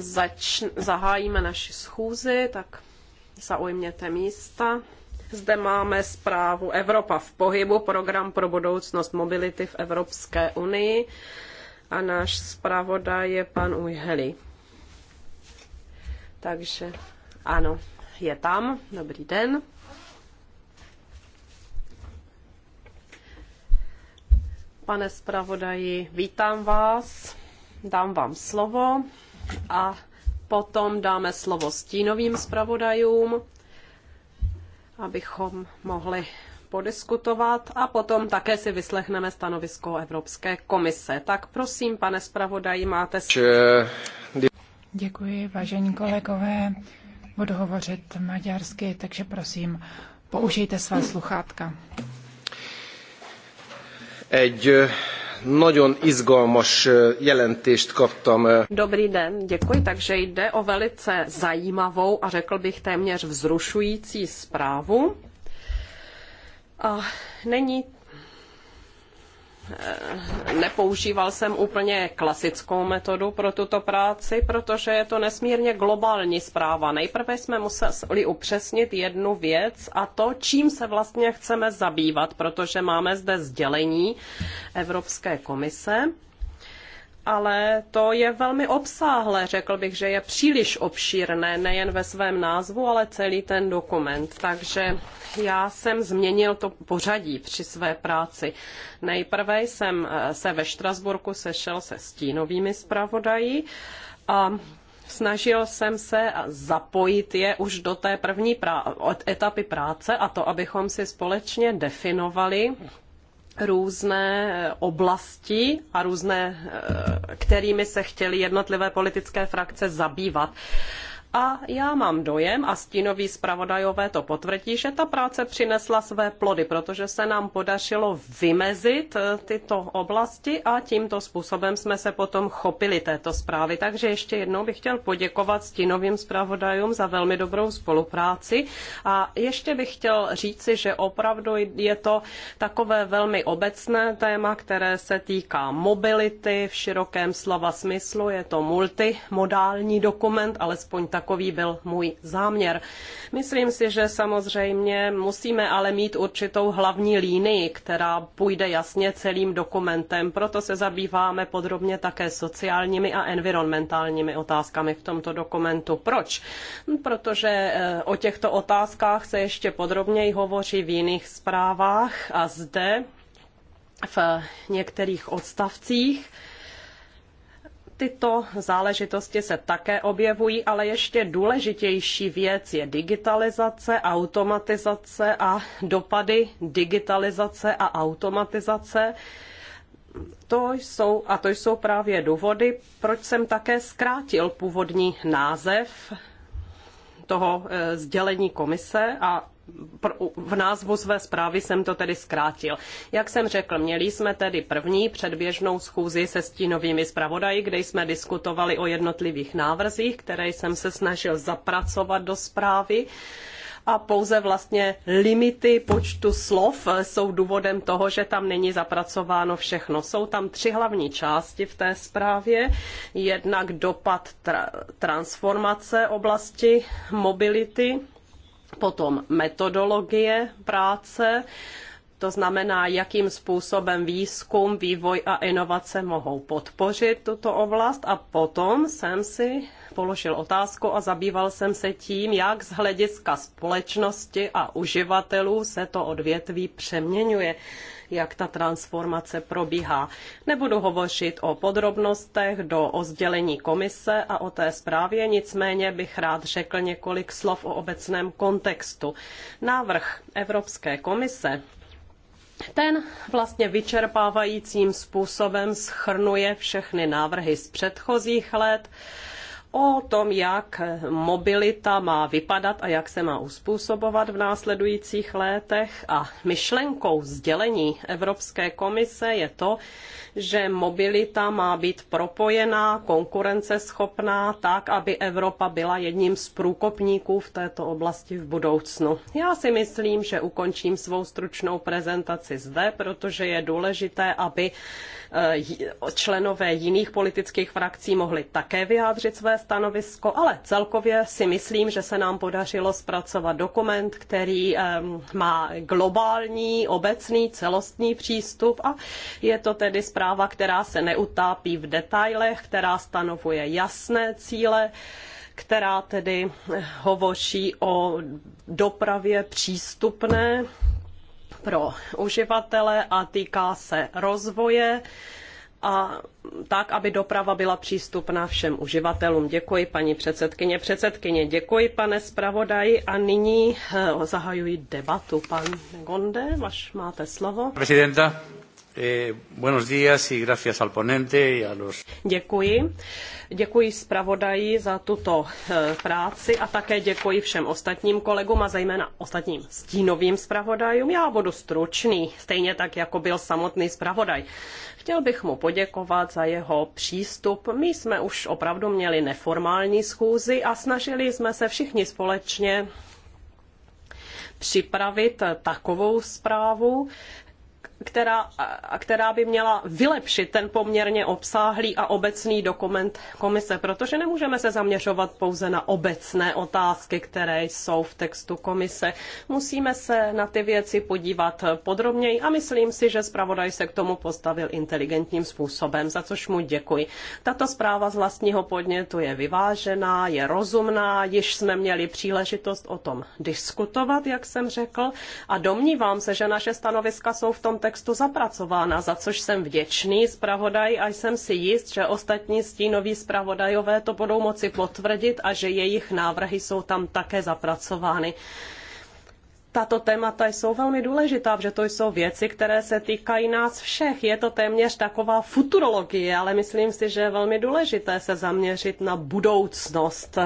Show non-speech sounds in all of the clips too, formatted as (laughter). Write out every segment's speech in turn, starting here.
zač zahájíme naši schůzi, tak zaujměte místa. Zde máme zprávu Evropa v pohybu, program pro budoucnost mobility v Evropské unii a náš zpravodaj je pan Ujheli. Takže ano, je tam. Dobrý den. Pane zpravodaji, vítám vás, dám vám slovo a potom dáme slovo stínovým zpravodajům, abychom mohli podiskutovat a potom také si vyslechneme stanovisko Evropské komise. Tak prosím, pane zpravodaji, máte... Děkuji, vážení kolegové. Budu hovořit maďarsky, takže prosím, použijte svá sluchátka. Egy Nagyon izgalmas eh, jelentést kaptam. Eh. Dobrý den, děkuji. Takže jde o velice zajímavou a řekl bych téměř vzrušující zprávu. A není nepoužíval jsem úplně klasickou metodu pro tuto práci, protože je to nesmírně globální zpráva. Nejprve jsme museli upřesnit jednu věc a to, čím se vlastně chceme zabývat, protože máme zde sdělení Evropské komise ale to je velmi obsáhlé, řekl bych, že je příliš obšírné, nejen ve svém názvu, ale celý ten dokument. Takže já jsem změnil to pořadí při své práci. Nejprve jsem eh, se ve Štrasburku sešel se stínovými zpravodaji a snažil jsem se zapojit je už do té první prá- etapy práce a to, abychom si společně definovali, různé eh, oblasti a různé, eh, kterými se chtěly jednotlivé politické frakce zabývat. A já mám dojem, a stínoví zpravodajové to potvrdí, že ta práce přinesla své plody, protože se nám podařilo vymezit eh, tyto oblasti a tímto způsobem jsme se potom chopili této zprávy. Takže ještě jednou bych chtěl poděkovat stínovým zpravodajům za velmi dobrou spolupráci a ještě bych chtěl říci, že opravdu je to takové velmi obecné téma, které se týká mobility v širokém slova smyslu. Je to multimodální dokument, alespoň tak takový byl můj záměr. Myslím si, že samozřejmě musíme ale mít určitou hlavní línii, která půjde jasně celým dokumentem, proto se zabýváme podrobně také sociálními a environmentálními otázkami v tomto dokumentu. Proč? Protože eh, o těchto otázkách se ještě podrobněji hovoří v jiných zprávách a zde v eh, některých odstavcích tyto záležitosti se také objevují, ale ještě důležitější věc je digitalizace, automatizace a dopady digitalizace a automatizace. To jsou, a to jsou právě důvody, proč jsem také zkrátil původní název toho eh, sdělení komise a v názvu své zprávy jsem to tedy zkrátil. Jak jsem řekl, měli jsme tedy první předběžnou schůzi se stínovými zpravodaji, kde jsme diskutovali o jednotlivých návrzích, které jsem se snažil zapracovat do zprávy a pouze vlastně limity počtu slov jsou důvodem toho, že tam není zapracováno všechno. Jsou tam tři hlavní části v té zprávě. Jednak dopad tra transformace oblasti mobility, Potom metodologie práce, to znamená, jakým způsobem výzkum, vývoj a inovace mohou podpořit tuto oblast. A potom jsem si položil otázku a zabýval jsem se tím, jak z hlediska společnosti a uživatelů se to odvětví přeměňuje jak ta transformace probíhá. Nebudu hovořit o podrobnostech do o sdělení komise a o té zprávě, nicméně bych rád řekl několik slov o obecném kontextu. Návrh Evropské komise ten vlastně vyčerpávajícím způsobem schrnuje všechny návrhy z předchozích let, o tom, jak mobilita má vypadat a jak se má uspůsobovat v následujících letech. A myšlenkou sdělení Evropské komise je to, že mobilita má být propojená, konkurenceschopná, tak, aby Evropa byla jedním z průkopníků v této oblasti v budoucnu. Já si myslím, že ukončím svou stručnou prezentaci zde, protože je důležité, aby Eh, členové jiných politických frakcí mohli také vyjádřit své stanovisko, ale celkově si myslím, že se nám podařilo zpracovat dokument, který má globální, obecný, celostní přístup a je to tedy zpráva, která se neutápí v detailech, která stanovuje jasné cíle, která tedy hovoří o dopravě přístupné pro uživatele a týká se rozvoje a tak, aby doprava byla přístupná všem uživatelům. Děkuji, paní předsedkyně. Předsedkyně, děkuji, pane zpravodaji. A nyní eh, zahajuji debatu. Pan Gonde, máte slovo. Prezidenta. Eh, děkuji. Děkuji zpravodaji za tuto eh, práci a také děkuji všem ostatním kolegům a zejména ostatním stínovým zpravodajům. Já budu stručný, stejně tak, jako byl samotný zpravodaj. Chtěl bych mu poděkovat za jeho přístup. My jsme už opravdu měli neformální schůzi a snažili jsme se všichni společně připravit takovou zprávu, která, která by měla vylepšit ten poměrně obsáhlý a obecný dokument komise, protože nemůžeme se zaměřovat pouze na obecné otázky, které jsou v textu komise. Musíme se na ty věci podívat podrobněji a myslím si, že zpravodaj se k tomu postavil inteligentním způsobem, za což mu děkuji. Tato zpráva z vlastního podnětu je vyvážená, je rozumná, již jsme měli příležitost o tom diskutovat, jak jsem řekl, a domnívám se, že naše stanoviska jsou v tom textu zapracována, za což jsem vděčný zpravodaj a jsem si jist, že ostatní stínoví zpravodajové to budou moci potvrdit a že jejich návrhy jsou tam také zapracovány tato témata jsou velmi důležitá, protože to jsou věci, které se týkají nás všech. Je to téměř taková futurologie, ale myslím si, že je velmi důležité se zaměřit na budoucnost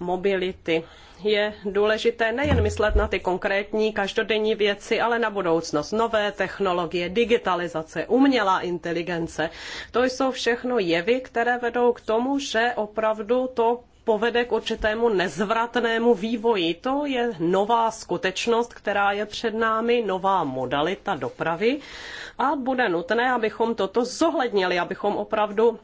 mobility je důležité nejen myslet na ty konkrétní každodenní věci, ale na budoucnost. Nové technologie, digitalizace, umělá inteligence. To jsou všechno jevy, které vedou k tomu, že opravdu to povede k určitému nezvratnému vývoji. To je nová skutečnost, která je před námi, nová modalita dopravy a bude nutné, abychom toto zohlednili, abychom opravdu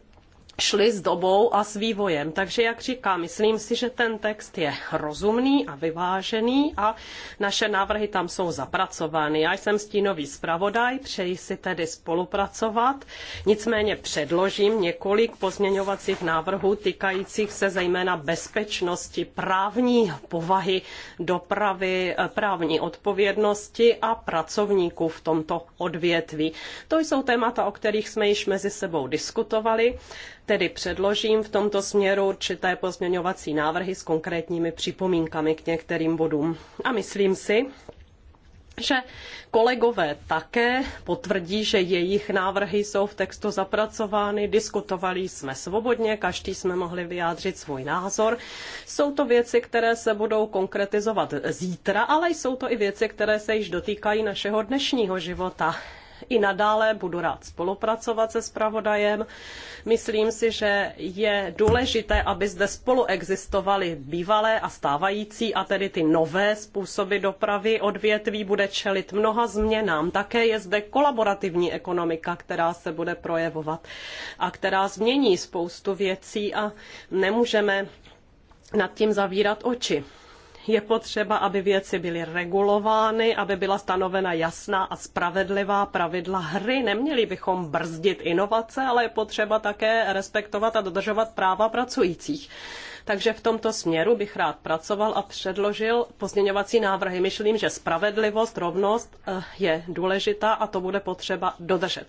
šly s dobou a s vývojem. Takže jak říkám, myslím si, že ten text je rozumný a vyvážený a naše návrhy tam jsou zapracovány. Já jsem stínový zpravodaj, přeji si tedy spolupracovat, nicméně předložím několik pozměňovacích návrhů týkajících se zejména bezpečnosti, právní povahy dopravy, právní odpovědnosti a pracovníků v tomto odvětví. To jsou témata, o kterých jsme již mezi sebou diskutovali tedy předložím v tomto směru určité pozměňovací návrhy s konkrétními připomínkami k některým bodům. A myslím si, že kolegové také potvrdí, že jejich návrhy jsou v textu zapracovány, diskutovali jsme svobodně, každý jsme mohli vyjádřit svůj názor. Jsou to věci, které se budou konkretizovat zítra, ale jsou to i věci, které se již dotýkají našeho dnešního života. I nadále budu rád spolupracovat se spravodajem Myslím si, že je důležité, aby zde spolu existovaly bývalé a stávající a tedy ty nové způsoby dopravy odvětví bude čelit mnoha změnám. Také je zde kolaborativní ekonomika, která se bude projevovat a která změní spoustu věcí a nemůžeme nad tím zavírat oči je potřeba, aby věci byly regulovány, aby byla stanovena jasná a spravedlivá pravidla hry. Neměli bychom brzdit inovace, ale je potřeba také respektovat a dodržovat práva pracujících. Takže v tomto směru bych rád pracoval a předložil pozměňovací návrhy. Myslím, že spravedlivost, rovnost eh, je důležitá a to bude potřeba dodržet.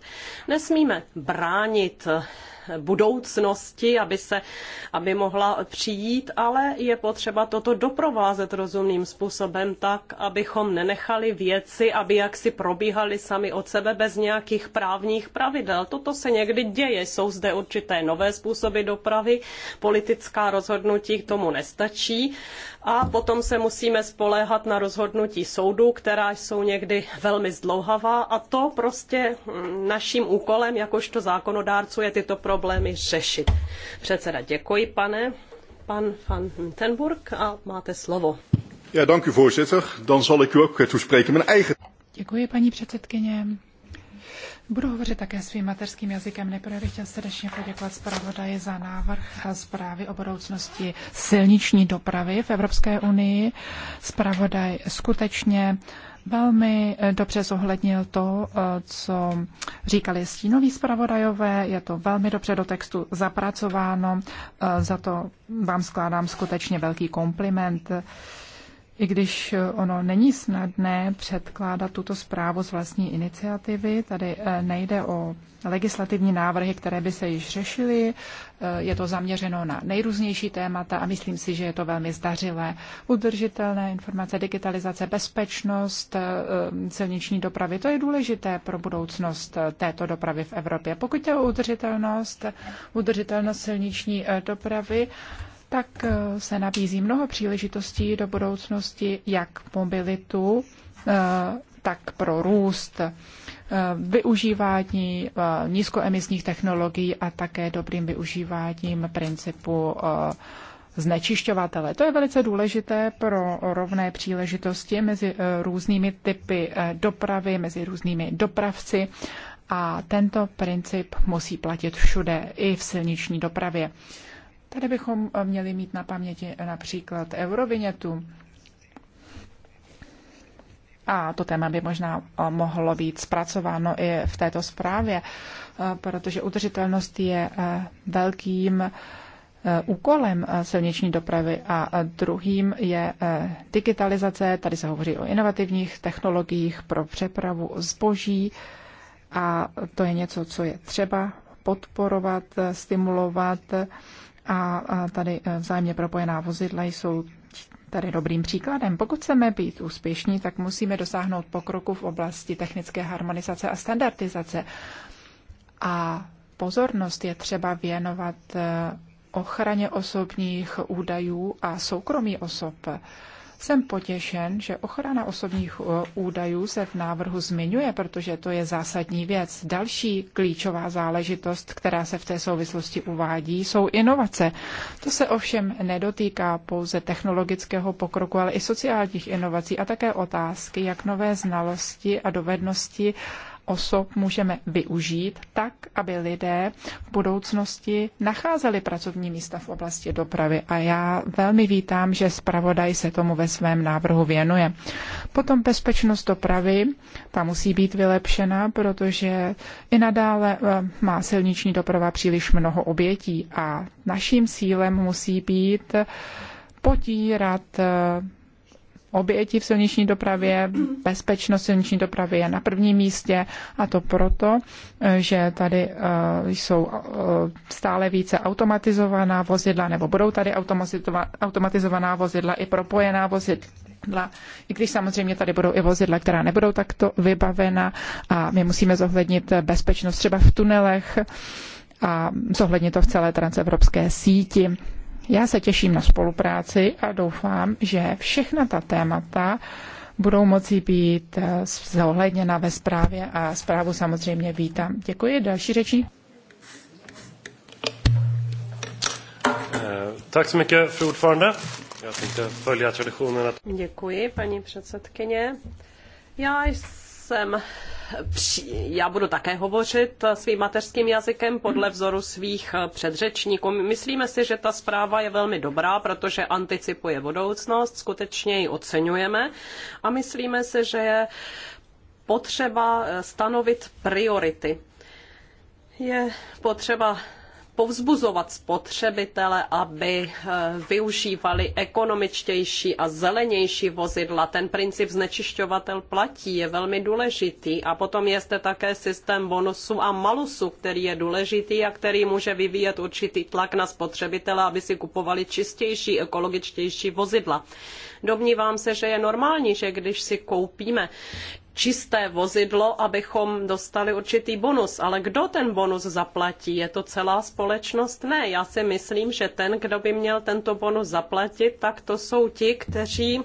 Nesmíme bránit eh, budoucnosti, aby, se, aby mohla přijít, ale je potřeba toto doprovázet rozumným způsobem tak, abychom nenechali věci, aby jaksi probíhaly sami od sebe bez nějakých právních pravidel. Toto se někdy děje, jsou zde určité nové způsoby dopravy, politická rozhodnutí k tomu nestačí a potom se musíme spoléhat na rozhodnutí soudů, která jsou někdy velmi zdlouhavá a to prostě naším úkolem jakožto zákonodárců je tyto pro problémy řešit. Předseda, děkuji, pane. Pan van Tenburg a máte slovo. Ja, dank u voorzitter. Dan zal ik u ook eh, toespreken mijn eigen... Děkuji, paní předsedkyně. Budu hovořit také svým mateřským jazykem. Nejprve bych chtěl srdečně poděkovat zpravodaji za návrh zprávy o budoucnosti silniční dopravy v Evropské unii. Zpravodaj skutečně uh, velmi eh, dobře zohlednil to, eh, co říkali stínoví zpravodajové. Je to velmi dobře do textu zapracováno. Eh, za to vám skládám skutečně velký kompliment. I když ono není snadné předkládat tuto zprávu z vlastní iniciativy, tady eh, nejde o legislativní návrhy, které by se již řešily, eh, je to zaměřeno na nejrůznější témata a myslím si, že je to velmi zdařilé. Udržitelné informace, digitalizace, bezpečnost eh, silniční dopravy, to je důležité pro budoucnost této dopravy v Evropě. Pokud je o udržitelnost, udržitelnost silniční dopravy, tak eh, se nabízí mnoho příležitostí do budoucnosti, jak mobilitu, eh, tak pro růst, eh, využívání nízkoemisních technologií a také dobrým využíváním principu znečišťovatele. To je velice důležité pro rovné příležitosti mezi různými typy dopravy, mezi různými dopravci a tento princip musí platit všude i v silniční dopravě. Tady bychom eh, měli mít na paměti například eurovinětu. A to téma by možná eh, mohlo být zpracováno i v této zprávě, eh, protože udržitelnost je velkým úkolem silniční dopravy a druhým je digitalizace. Tady se hovoří o inovativních technologiích pro přepravu zboží a to je něco, co je třeba podporovat, stimulovat a tady e, vzájemně propojená vozidla jsou tady dobrým příkladem. Pokud chceme být úspěšní, tak musíme dosáhnout pokroku v oblasti technické harmonizace a standardizace. A pozornost je třeba věnovat e, ochraně osobních údajů a soukromí osob. Jsem potěšen, že ochrana osobních eh, údajů se v návrhu zmiňuje, protože to je zásadní věc. Další klíčová záležitost, která se v té souvislosti uvádí, jsou inovace. To se ovšem nedotýká pouze technologického pokroku, ale i sociálních inovací a také otázky, jak nové znalosti a dovednosti osob můžeme využít tak, aby lidé v budoucnosti nacházeli pracovní místa v oblasti dopravy. A já velmi vítám, že zpravodaj se tomu ve svém návrhu věnuje. Potom bezpečnost dopravy, ta musí být vylepšena, protože i nadále eh, má silniční doprava příliš mnoho obětí a naším cílem musí být potírat eh, oběti v silniční dopravě, bezpečnost silniční dopravy je na prvním místě a to proto, že tady eh, jsou eh, stále více automatizovaná vozidla, nebo budou tady automatizovaná vozidla i propojená vozidla, i když samozřejmě tady budou i vozidla, která nebudou takto vybavena a my musíme zohlednit bezpečnost třeba v tunelech a zohlednit to v celé transevropské síti. Já se těším na spolupráci a doufám, že všechna ta témata budou moci být eh, zohledněna ve zprávě a zprávu samozřejmě vítám. Děkuji. Další řeči. Eh, tak så mycket, fru Já Jag tänkte följa traditionen Děkuji, paní předsedkyně. Já jsem já budu také hovořit svým mateřským jazykem podle vzoru svých předřečníků. Myslíme si, že ta zpráva je velmi dobrá, protože anticipuje budoucnost, skutečně ji oceňujeme a myslíme si, že je potřeba stanovit priority. Je potřeba povzbuzovat spotřebitele, aby eh, využívali ekonomičtější a zelenější vozidla. Ten princip znečišťovatel platí je velmi důležitý a potom je zde také systém bonusu a malusu, který je důležitý a který může vyvíjet určitý tlak na spotřebitele, aby si kupovali čistější, ekologičtější vozidla. Domnívám se, že je normální, že když si koupíme čisté vozidlo, abychom dostali určitý bonus. Ale kdo ten bonus zaplatí? Je to celá společnost? Ne, já si myslím, že ten, kdo by měl tento bonus zaplatit, tak to jsou ti, kteří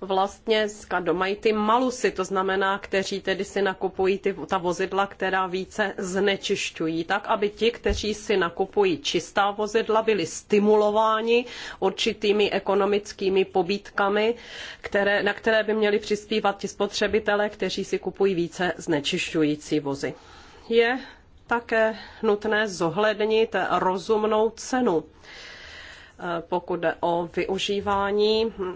vlastně no, mají ty malusy, to znamená, kteří tedy si nakupují ty, ta vozidla, která více znečišťují, tak aby ti, kteří si nakupují čistá vozidla, byli stimulováni určitými ekonomickými pobítkami, které, na které by měli přispívat ti spotřebitelé, kteří si kupují více znečišťující vozy. Je také nutné zohlednit rozumnou cenu, eh, pokud jde o využívání hm,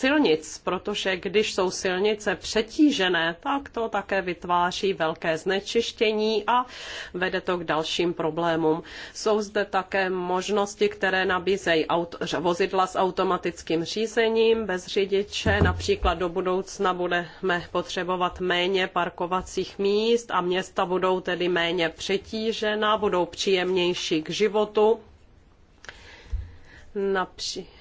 silnic, protože když jsou silnice přetížené, tak to také vytváří velké znečištění a vede to k dalším problémům. Jsou zde také možnosti, které nabízejí aut, vozidla s automatickým řízením bez řidiče. Například do budoucna budeme potřebovat méně parkovacích míst a města budou tedy méně přetížena, budou příjemnější k životu. Například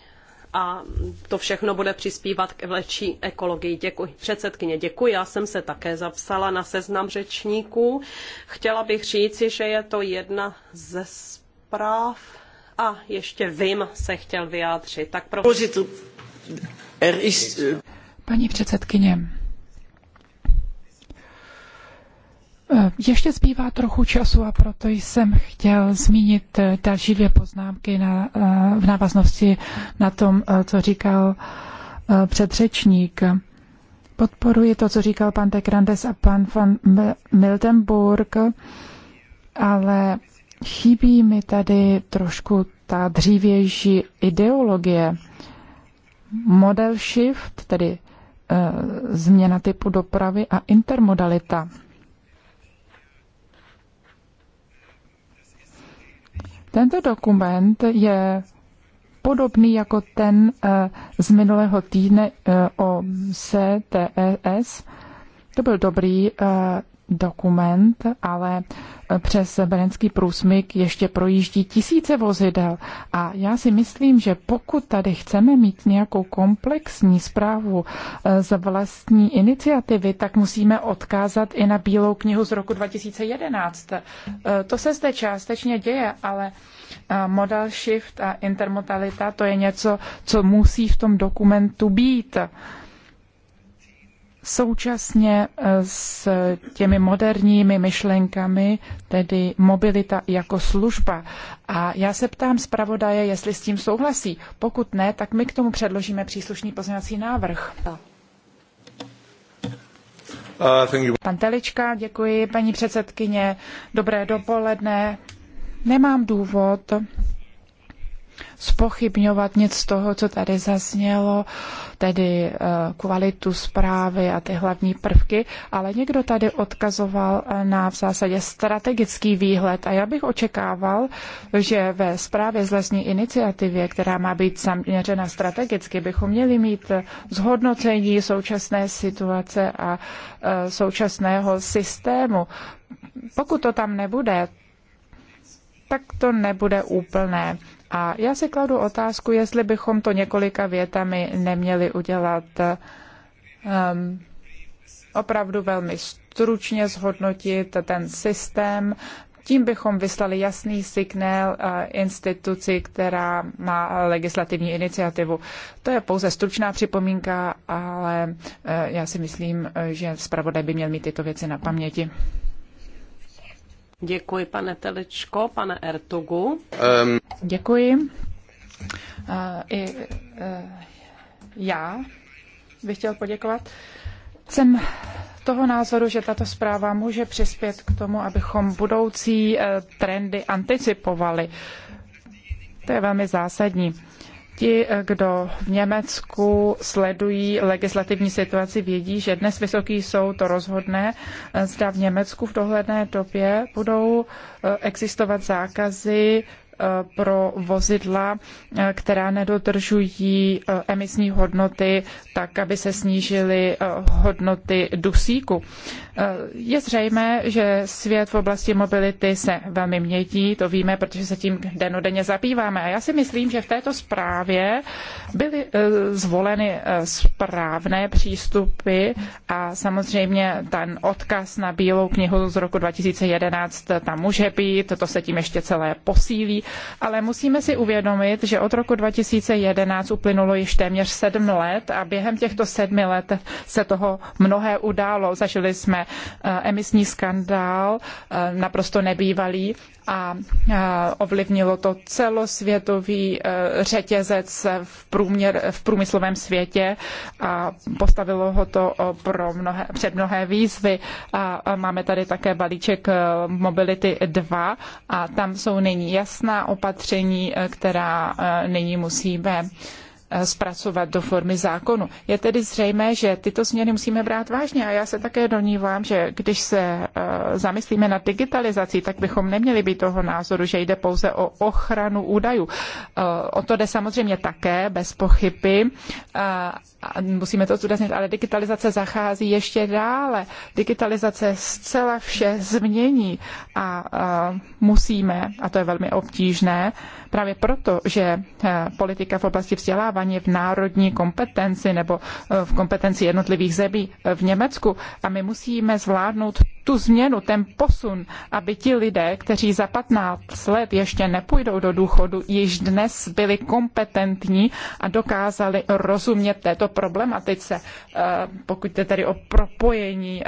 a to všechno bude přispívat k lepší ekologii. Děkuji. Předsedkyně, děkuji. Já jsem se také zapsala na seznam řečníků. Chtěla bych říci, že je to jedna ze zpráv. A ještě Vim se chtěl vyjádřit. Tak pro... Paní předsedkyně, Eh, ještě zbývá trochu času a proto jsem chtěl zmínit eh, další dvě poznámky na, eh, v návaznosti na tom, co říkal předřečník. Podporuji to, co říkal pan Tekrandes a pan van Miltenburg, ale chybí mi tady trošku ta dřívější ideologie. Model shift, tedy e, změna typu dopravy a intermodalita – Tento dokument je podobný jako ten eh, z minulého týdne eh, o CTES. E to byl dobrý eh, dokument, ale přes Benenský průsmyk ještě projíždí tisíce vozidel. A já si myslím, že pokud tady chceme mít nějakou komplexní zprávu eh, z vlastní iniciativy, tak musíme odkázat i na Bílou knihu z roku 2011. Eh, to se zde částečně děje, ale eh, modal shift a intermodalita, to je něco, co musí v tom dokumentu být. Současně eh, s těmi moderními myšlenkami, tedy mobilita jako služba. A já se ptám zpravodaje, jestli s tím souhlasí. Pokud ne, tak my k tomu předložíme příslušný pozměňovací návrh. Uh, Pan Telička, děkuji, paní předsedkyně. Dobré dopoledne. Nemám důvod spochybňovat nic z toho, co tady zaznělo, tedy eh, kvalitu zprávy a ty hlavní prvky, ale někdo tady odkazoval eh, na v zásadě strategický výhled a já bych očekával, že ve zprávě z lesní iniciativě, která má být zaměřena strategicky, bychom měli mít eh, zhodnocení současné situace a současného systému. Pokud to tam nebude, tak to nebude úplné. A já si kladu otázku, jestli bychom to několika větami neměli udělat um, opravdu velmi stručně zhodnotit ten systém. Tím bychom vyslali jasný signál eh, instituci, která má legislativní iniciativu. To je pouze stručná připomínka, ale eh, já si myslím, že zpravodaj by měl mít tyto věci na paměti. Děkuji, pane Telečko, pane Ertugu. Um. Děkuji. Uh, I uh, já bych chtěl poděkovat. Jsem toho názoru, že tato zpráva může přispět k tomu, abychom budoucí e, trendy anticipovali. To je velmi zásadní. Ti, kdo v Německu sledují legislativní situaci, vědí, že dnes Vysoký soud to rozhodne, zda v Německu v dohledné době budou eh, existovat zákazy eh, pro vozidla, eh, která nedodržují emisní hodnoty, tak aby se snížily hodnoty dusíku. Eh, je zřejmé, že svět v oblasti mobility se velmi mění, to víme, protože se tím denodenně zabýváme. A já si myslím, že v této zprávě byly eh, zvoleny eh, správné přístupy a samozřejmě ten odkaz na Bílou knihu z roku 2011 tam může být, to se tím ještě celé posílí, ale musíme si uvědomit, že od roku 2011 uplynulo již téměř sedm let a během těchto sedmi let se toho mnohé událo. Zažili jsme Eh, emisní skandál, eh, naprosto nebývalý, a eh, ovlivnilo to celosvětový řetězec v, průměr, v průmyslovém světě a postavilo ho to pro mnohé, před mnohé výzvy. A máme tady také balíček Mobility 2 a tam jsou nyní jasná opatření, která nyní musíme Eh, zpracovat do formy zákonu. Je tedy zřejmé, že tyto změny musíme brát vážně a já se také donívám, že když se eh, zamyslíme na digitalizaci, tak bychom neměli být toho názoru, že jde pouze o ochranu údajů. Eh, o to jde samozřejmě také, bez pochyby. A musíme to zdůraznit, ale digitalizace zachází ještě dále. Digitalizace zcela vše změní a musíme, a to je velmi obtížné, právě proto, že politika v oblasti vzdělávání vzdělávání v národní kompetenci nebo eh, v kompetenci jednotlivých zemí eh, v Německu. A my musíme zvládnout tu změnu, ten posun, aby ti lidé, kteří za 15 let ještě nepůjdou do důchodu, již dnes byli kompetentní a dokázali rozumět této problematice. Eh, pokud jde tedy o propojení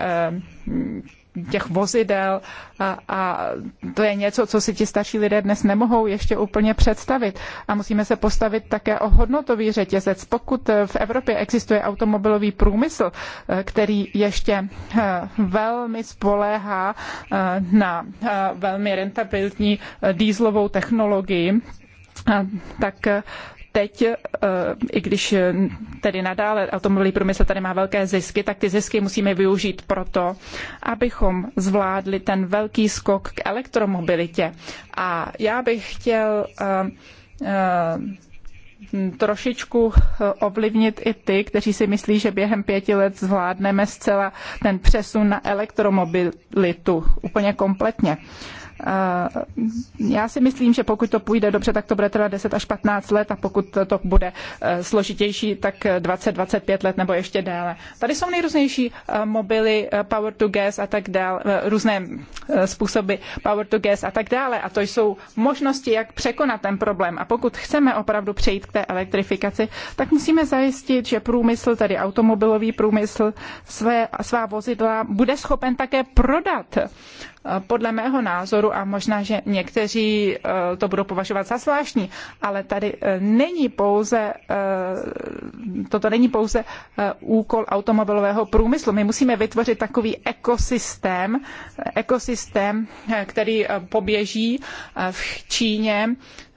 těch vozidel a, a to je něco, co si ti starší lidé dnes nemohou ještě úplně představit. A musíme se postavit také o hodnotový řetězec. Pokud v Evropě existuje automobilový průmysl, eh, který ještě eh, velmi spoléhá eh, na velmi rentabilní dýzlovou technologii, tak teď, eh, i když eh, tedy nadále automobilový průmysl tady má velké zisky, tak ty zisky musíme využít proto, abychom zvládli ten velký skok k elektromobilitě. A já bych chtěl eh, trošičku ovlivnit i ty, kteří si myslí, že během pěti let zvládneme zcela ten přesun na elektromobilitu úplně kompletně. Eh, já si myslím, že pokud to půjde dobře, tak to bude trvat 10 až 15 let a pokud to bude eh, složitější, tak 20, 25 let nebo ještě déle. Tady jsou nejrůznější eh, mobily power to gas a tak dále, různé způsoby power to gas a tak dále a to jsou možnosti, jak překonat ten problém. A pokud chceme opravdu přejít k té elektrifikaci, tak musíme zajistit, že průmysl, tedy automobilový průmysl, své, svá vozidla bude schopen také prodat podle mého názoru, a možná, že někteří eh, to budou považovat za zvláštní, ale tady eh, není pouze, eh, toto není pouze úkol automobilového průmyslu. My musíme vytvořit takový ekosystém, ekosystém, který poběží v Číně,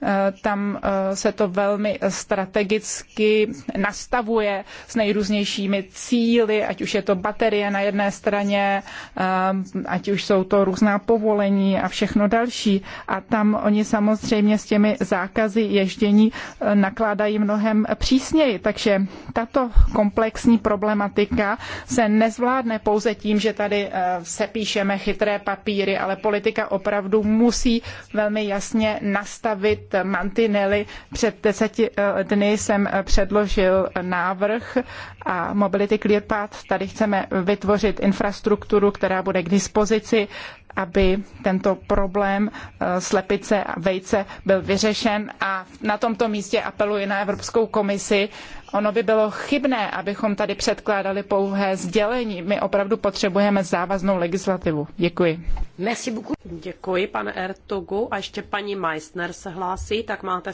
Eh, tam eh, se to velmi strategicky nastavuje s nejrůznějšími cíly, ať už je to baterie na jedné straně, eh, ať už jsou to různá povolení a všechno další. A tam oni samozřejmě s těmi zákazy ježdění nakládají mnohem přísněji. Takže tato komplexní problematika se nezvládne pouze tím, že tady sepíšeme chytré papíry, ale politika opravdu musí velmi jasně nastavit mantinely. Před deseti eh, dny jsem eh, předložil návrh a Mobility Clearpath. Tady chceme vytvořit infrastrukturu, která bude k dispozici aby tento problém eh, slepice a vejce byl vyřešen. A na tomto místě apeluji na Evropskou komisi, Ono by bylo chybné, abychom tady předkládali pouhé sdělení. My opravdu potřebujeme závaznou legislativu. Děkuji. Merci beaucoup. Děkuji, pane Ertogu A ještě paní Meissner se hlásí, tak máte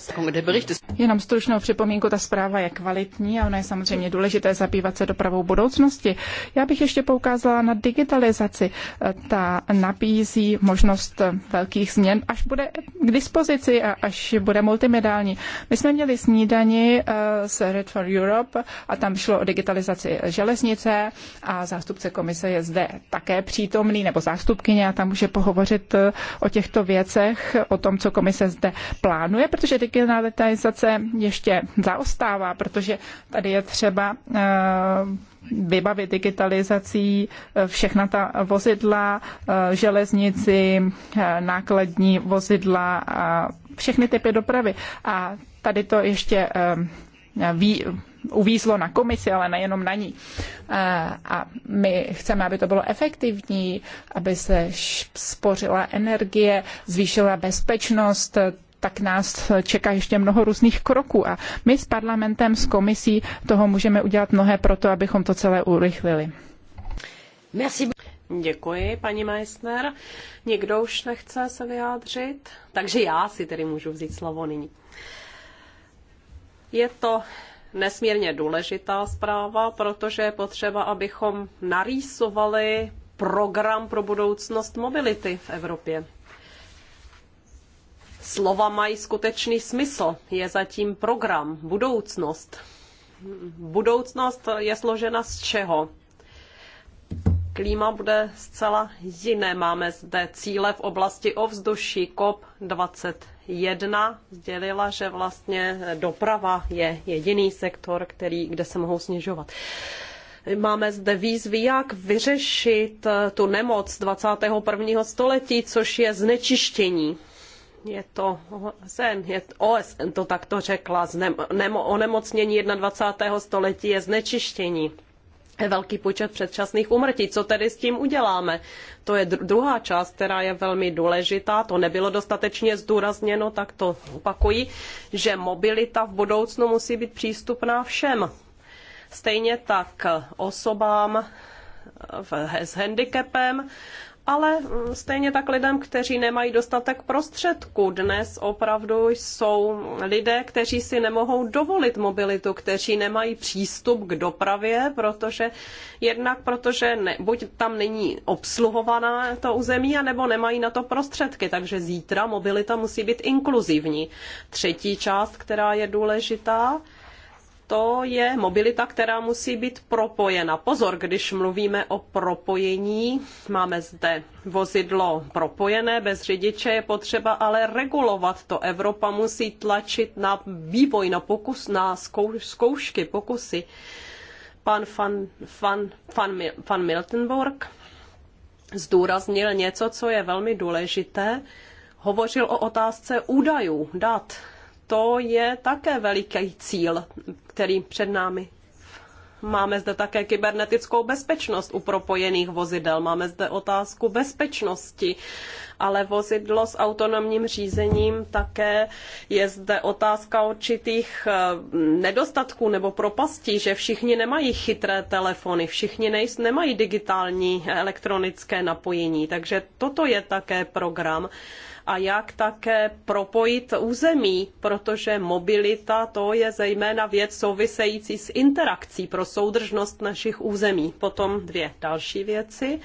Jenom stručnou připomínku, ta zpráva je kvalitní a ono je samozřejmě důležité zabývat se dopravou budoucnosti. Já bych ještě poukázala na digitalizaci. Ta nabízí možnost velkých změn, až bude k dispozici a až bude multimediální. My jsme měli snídani eh, s Red for Europe a tam šlo o digitalizaci železnice a zástupce komise je zde také přítomný, nebo zástupkyně a tam může pohovořit eh, o těchto věcech, o tom, co komise zde plánuje, protože digitalizace ještě zaostává, protože tady je třeba eh, vybavit digitalizací eh, všechna ta vozidla, železnici, nákladní vozidla a všechny typy dopravy. A tady to ještě vý, uvízlo na komisi, ale nejenom na ní. A, my chceme, aby to bylo efektivní, aby se spořila energie, zvýšila bezpečnost, tak nás čeká ještě mnoho různých kroků. A my s parlamentem, s komisí toho můžeme udělat mnohé proto, abychom to celé urychlili. Merci. Děkuji, paní Meissner. Někdo už nechce se vyjádřit, takže já si tedy můžu vzít slovo nyní. Uh, je to nesmírně důležitá zpráva, protože je potřeba, abychom narýsovali program pro budoucnost mobility v Evropě. Slova mají skutečný smysl, je zatím program, budoucnost. Budoucnost je složena z čeho? Klíma bude zcela jiné. Máme zde cíle v oblasti ovzduší COP20 jedna sdělila, že vlastně doprava je jediný sektor, který, kde se mohou snižovat. Máme zde výzvy, jak vyřešit tu nemoc 21. století, což je znečištění je to OSN, je to OSN to takto řekla, nemo, onemocnění 21. století je znečištění velký počet předčasných umrtí. Co tedy s tím uděláme? To je druhá část, která je velmi důležitá. To nebylo dostatečně zdůrazněno, tak to opakují, že mobilita v budoucnu musí být přístupná všem. Stejně tak osobám s handicapem, ale eh, stejně tak lidem, kteří nemají dostatek prostředků. Dnes opravdu jsou lidé, kteří si nemohou dovolit mobilitu, kteří nemají přístup k dopravě, protože jednak protože ne, buď tam není obsluhovaná to území, anebo nemají na to prostředky, takže zítra mobilita musí být inkluzivní. Třetí část, která je důležitá, to je mobilita, která musí být propojena. Pozor, když mluvíme o propojení, máme zde vozidlo propojené bez řidiče, je potřeba ale regulovat to. Evropa musí tlačit na vývoj, na pokus, na zkoušky, pokusy. Pan van, van, van, van Miltenburg zdůraznil něco, co je velmi důležité. Hovořil o otázce údajů, dat to je také veliký cíl, který před námi Máme zde také kybernetickou bezpečnost u propojených vozidel. Máme zde otázku bezpečnosti ale vozidlo s autonomním řízením také je zde otázka určitých eh, nedostatků nebo propastí, že všichni nemají chytré telefony, všichni nejs, nemají digitální elektronické napojení, takže toto je také program a jak také propojit území, protože mobilita to je zejména věc související s interakcí pro soudržnost našich území. Potom dvě další věci.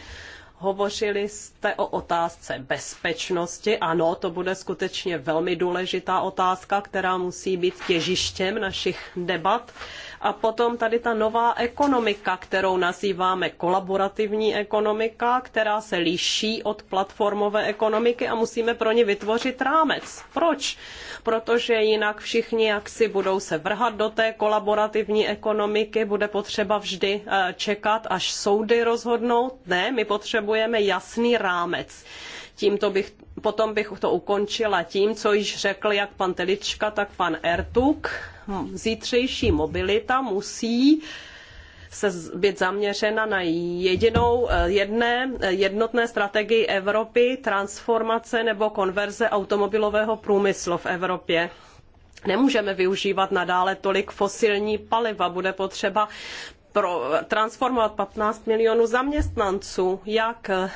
Hovořili jste o otázce bezpečnosti. Ano, to bude skutečně velmi důležitá otázka, která musí být těžištěm našich debat. A potom tady ta nová ekonomika, kterou nazýváme kolaborativní ekonomika, která se liší od platformové ekonomiky a musíme pro ně vytvořit rámec. Proč? Protože jinak všichni jaksi budou se vrhat do té kolaborativní ekonomiky, bude potřeba vždy eh, čekat, až soudy rozhodnou. Ne, my potřebujeme jasný rámec tímto bych potom bych to ukončila tím, co již řekl jak pan Telička, tak pan Ertuk. Zítřejší mobilita musí se být zaměřena na jedinou eh, jedné, eh, jednotné strategii Evropy, transformace nebo konverze automobilového průmyslu v Evropě nemůžeme využívat nadále tolik fosilní paliva. Bude potřeba pro, transformovat 15 milionů zaměstnanců, jak eh,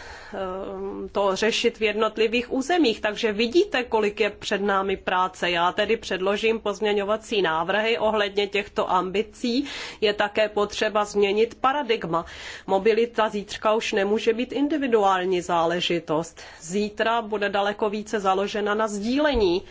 to řešit v jednotlivých územích. Takže vidíte, kolik je před námi práce. Já tedy předložím pozměňovací návrhy ohledně těchto ambicí. Je také potřeba změnit paradigma. Mobilita zítřka už nemůže být individuální záležitost. Zítra bude daleko více založena na sdílení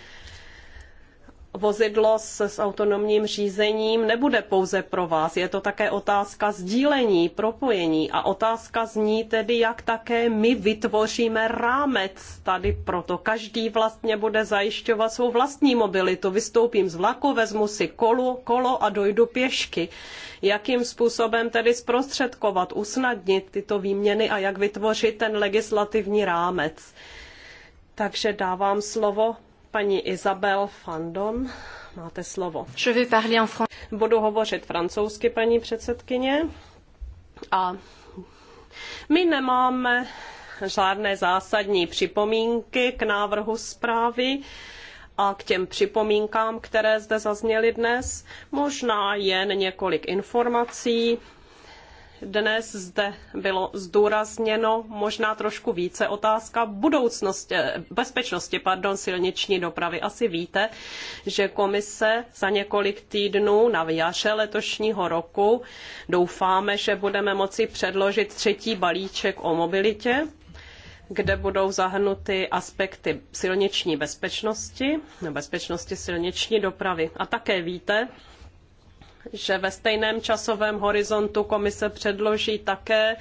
vozidlo s, s autonomním řízením nebude pouze pro vás. Je to také otázka sdílení, propojení a otázka zní tedy, jak také my vytvoříme rámec tady proto. Každý vlastně bude zajišťovat svou vlastní mobilitu. Vystoupím z vlaku, vezmu si kolu, kolo a dojdu pěšky. Jakým způsobem tedy zprostředkovat, usnadnit tyto výměny a jak vytvořit ten legislativní rámec. Takže dávám slovo Paní Isabel Fandom, máte slovo. Je vais parler en fran... Budu hovořit francouzsky, paní předsedkyně. A my nemáme žádné zásadní připomínky k návrhu zprávy a k těm připomínkám, které zde zazněly dnes. Možná jen několik informací dnes zde bylo zdůrazněno možná trošku více otázka budoucnosti, bezpečnosti pardon, silniční dopravy. Asi víte, že komise za několik týdnů na jaře letošního roku doufáme, že budeme moci předložit třetí balíček o mobilitě kde budou zahrnuty aspekty silniční bezpečnosti, bezpečnosti silniční dopravy. A také víte, že ve stejném časovém horizontu komise předloží také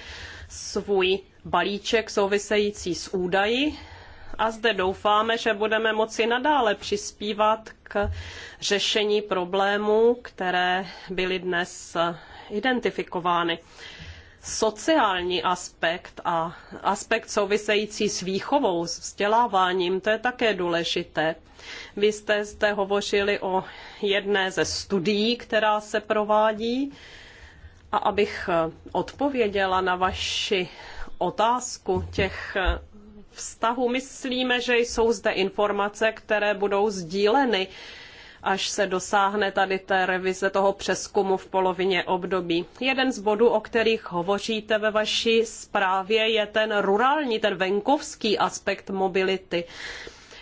svůj balíček související s údaji a zde doufáme, že budeme moci nadále přispívat k řešení problémů, které byly dnes identifikovány sociální aspekt a aspekt související s výchovou, s vzděláváním, to je také důležité. Vy jste zde hovořili o jedné ze studií, která se provádí. A abych eh, odpověděla na vaši otázku těch eh, vztahů, myslíme, že jsou zde informace, které budou sdíleny až se dosáhne tady té revize toho přeskumu v polovině období. Jeden z bodů, o kterých hovoříte ve vaší zprávě, je ten rurální, ten venkovský aspekt mobility.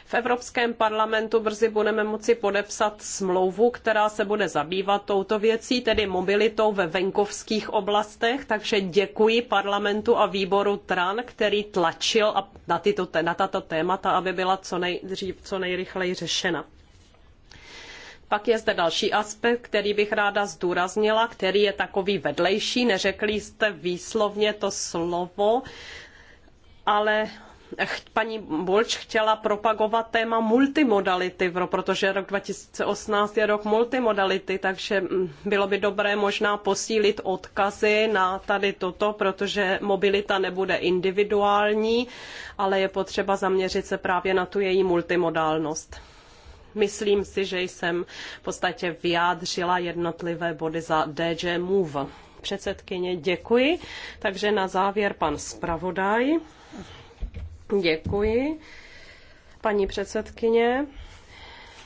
V Evropském parlamentu brzy budeme moci podepsat smlouvu, která se bude zabývat touto věcí, tedy mobilitou ve venkovských oblastech, takže děkuji parlamentu a výboru TRAN, který tlačil na, tyto, na tato témata, aby byla co, nejdřív, co nejrychleji řešena. Pak je zde další aspekt, který bych ráda zdůraznila, který je takový vedlejší. Neřekli jste výslovně to slovo, ale paní Bulč chtěla propagovat téma multimodality, protože rok 2018 je rok multimodality, takže mm, bylo by dobré možná posílit odkazy na tady toto, protože mobilita nebude individuální, ale je potřeba zaměřit se právě na tu její multimodálnost. Myslím si, že jsem v podstatě vyjádřila jednotlivé body za DG Move. Předsedkyně, děkuji. Takže na závěr pan zpravodaj. Děkuji. Paní předsedkyně,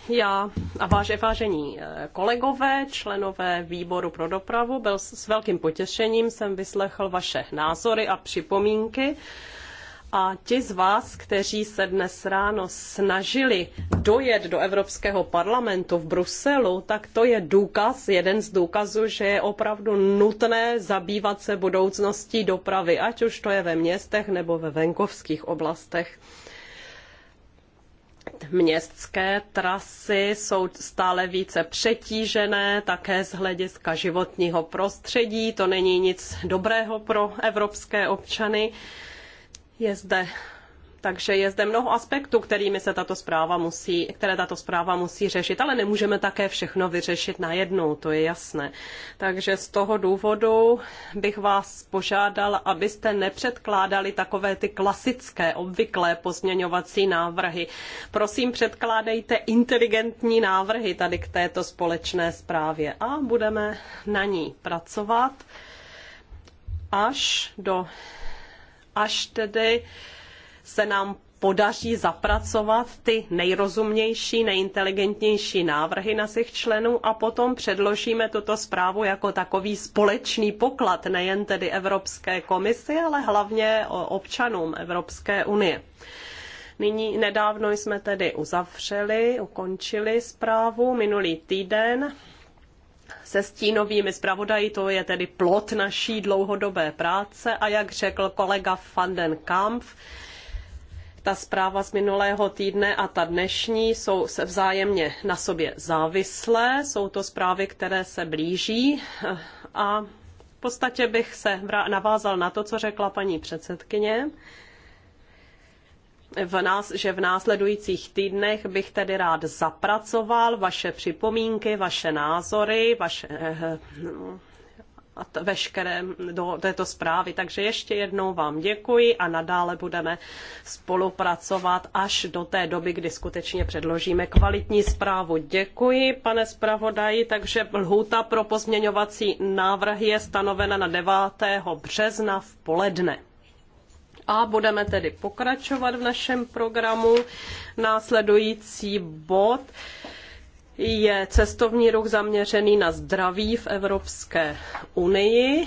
já a váže, vážení eh, kolegové, členové výboru pro dopravu, byl s velkým potěšením jsem vyslechl vaše názory a připomínky. A ti z vás, kteří se dnes ráno snažili dojet do Evropského parlamentu v Bruselu, tak to je důkaz, jeden z důkazů, že je opravdu nutné zabývat se budoucností dopravy, ať už to je ve městech nebo ve venkovských oblastech městské trasy jsou stále více přetížené, také z hlediska životního prostředí. To není nic dobrého pro evropské občany. Je zde takže je zde mnoho aspektů, kterými se tato zpráva musí, které tato zpráva musí řešit, ale nemůžeme také všechno vyřešit najednou, to je jasné. Takže z toho důvodu bych vás požádal, abyste nepředkládali takové ty klasické, obvyklé pozměňovací návrhy. Prosím, předkládejte inteligentní návrhy tady k této společné zprávě a budeme na ní pracovat až do až tedy se nám podaří zapracovat ty nejrozumnější, nejinteligentnější návrhy na svých členů a potom předložíme tuto zprávu jako takový společný poklad nejen tedy Evropské komisi, ale hlavně občanům Evropské unie. Nyní nedávno jsme tedy uzavřeli, ukončili zprávu minulý týden se stínovými zpravodaji, to je tedy plot naší dlouhodobé práce a jak řekl kolega van den Kampf, ta zpráva z minulého týdne a ta dnešní jsou se vzájemně na sobě závislé, jsou to zprávy, které se blíží a v podstatě bych se navázal na to, co řekla paní předsedkyně v nás, že v následujících týdnech bych tedy rád zapracoval vaše připomínky, vaše názory, vaše, no, a veškeré do této zprávy. Takže ještě jednou vám děkuji a nadále budeme spolupracovat až do té doby, kdy skutečně předložíme kvalitní zprávu. Děkuji, pane zpravodaji. Takže lhůta pro pozměňovací návrh je stanovena na 9. března v poledne a budeme tedy pokračovat v našem programu. Následující bod je cestovní ruch zaměřený na zdraví v Evropské unii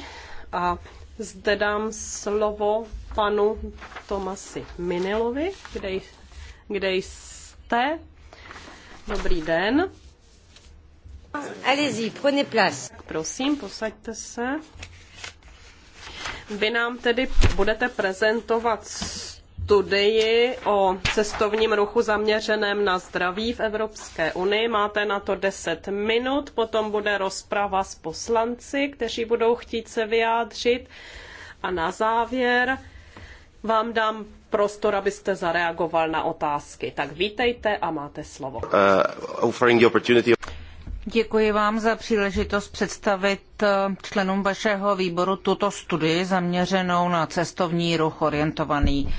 a zde dám slovo panu Tomasi Minilovi, kde, kde jste. Dobrý den. Allez-y, prenez place. Prosím, posaďte se. Vy nám tedy budete prezentovat studii o cestovním ruchu zaměřeném na zdraví v Evropské unii. Máte na to 10 minut, potom bude rozprava s poslanci, kteří budou chtít se vyjádřit. A na závěr vám dám prostor, abyste zareagoval na otázky. Tak vítejte a máte slovo. Uh, Děkuji vám za příležitost představit eh, členům vašeho výboru tuto studii zaměřenou na cestovní ruch orientovaný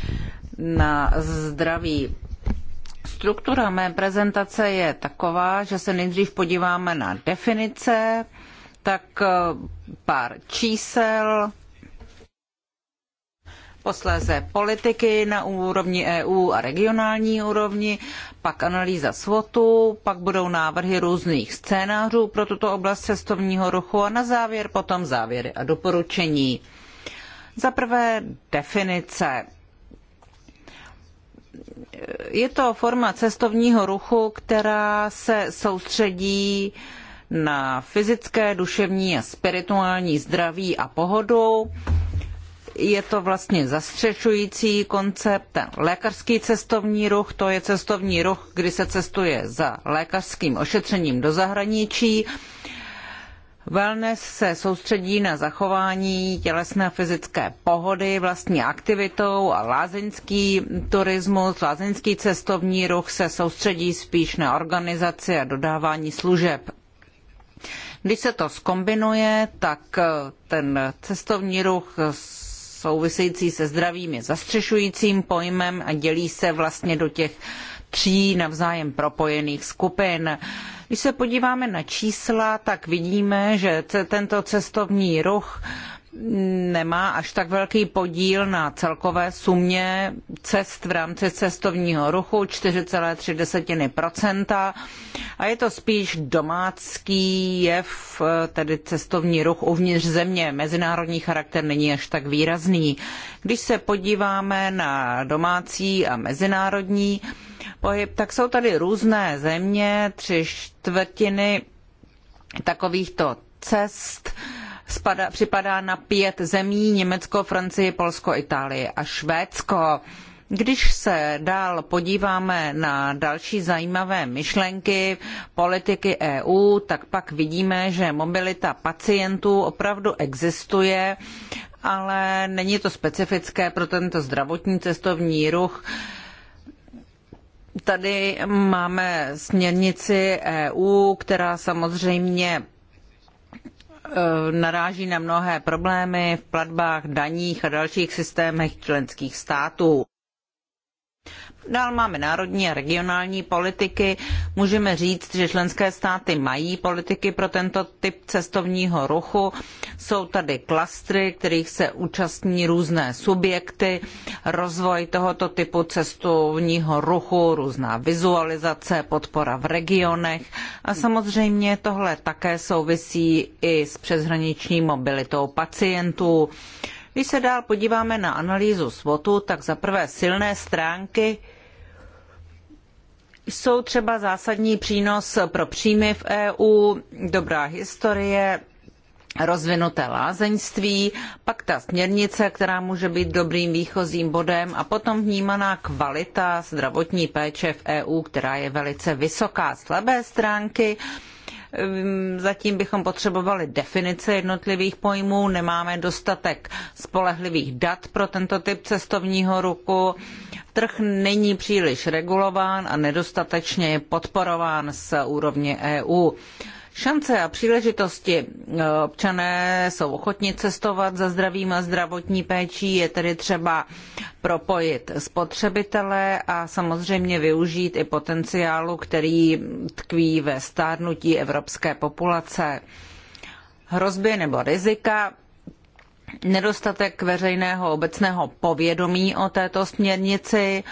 na zdraví. Struktura mé prezentace je taková, že se nejdřív podíváme na definice, tak eh, pár čísel, posléze politiky na úrovni EU a regionální úrovni, pak analýza SWOTu, pak budou návrhy různých scénářů pro tuto oblast cestovního ruchu a na závěr potom závěry a doporučení. Za prvé definice. Je to forma cestovního ruchu, která se soustředí na fyzické, duševní a spirituální zdraví a pohodu je to vlastně zastřešující koncept. Ten lékařský cestovní ruch, to je cestovní ruch, kdy se cestuje za lékařským ošetřením do zahraničí. Wellness se soustředí na zachování tělesné a fyzické pohody vlastní aktivitou a lázeňský turismus, lázeňský cestovní ruch se soustředí spíš na organizaci a dodávání služeb. Když se to skombinuje, tak ten cestovní ruch s související se zdravím je zastřešujícím pojmem a dělí se vlastně do těch tří navzájem propojených skupin. Když se podíváme na čísla, tak vidíme, že tento cestovní ruch nemá až tak velký podíl na celkové sumě cest v rámci cestovního ruchu 4,3 a je to spíš domácký jev, tedy cestovní ruch uvnitř země. Mezinárodní charakter není až tak výrazný. Když se podíváme na domácí a mezinárodní pohyb, tak jsou tady různé země, tři čtvrtiny takovýchto cest spada, připadá na pět zemí Německo, Francii, Polsko, Itálii a Švédsko. Když se dál podíváme na další zajímavé myšlenky politiky EU, tak pak vidíme, že mobilita pacientů opravdu existuje, ale není to specifické pro tento zdravotní cestovní ruch. Tady máme směrnici EU, která samozřejmě Eh, naráží na mnohé problémy v platbách, daních a dalších systémech členských států. Dál máme národní a regionální politiky. Můžeme říct, že členské státy mají politiky pro tento typ cestovního ruchu. Jsou tady klastry, kterých se účastní různé subjekty. Rozvoj tohoto typu cestovního ruchu, různá vizualizace, podpora v regionech. A samozřejmě tohle také souvisí i s přeshraniční mobilitou pacientů. Když se dál podíváme na analýzu SWOTu, tak za prvé silné stránky jsou třeba zásadní přínos pro příjmy v EU, dobrá historie, rozvinuté lázeňství, pak ta směrnice, která může být dobrým výchozím bodem a potom vnímaná kvalita zdravotní péče v EU, která je velice vysoká. Slabé stránky, Ehm, zatím bychom potřebovali definice jednotlivých pojmů, nemáme dostatek spolehlivých dat pro tento typ cestovního ruku. Trh není příliš regulován a nedostatečně je podporován z úrovně EU. Šance a příležitosti občané jsou ochotni cestovat za zdravím a zdravotní péčí, je tedy třeba propojit spotřebitele a samozřejmě využít i potenciálu, který tkví ve stárnutí evropské populace. Hrozby nebo rizika nedostatek veřejného obecného povědomí o této směrnici,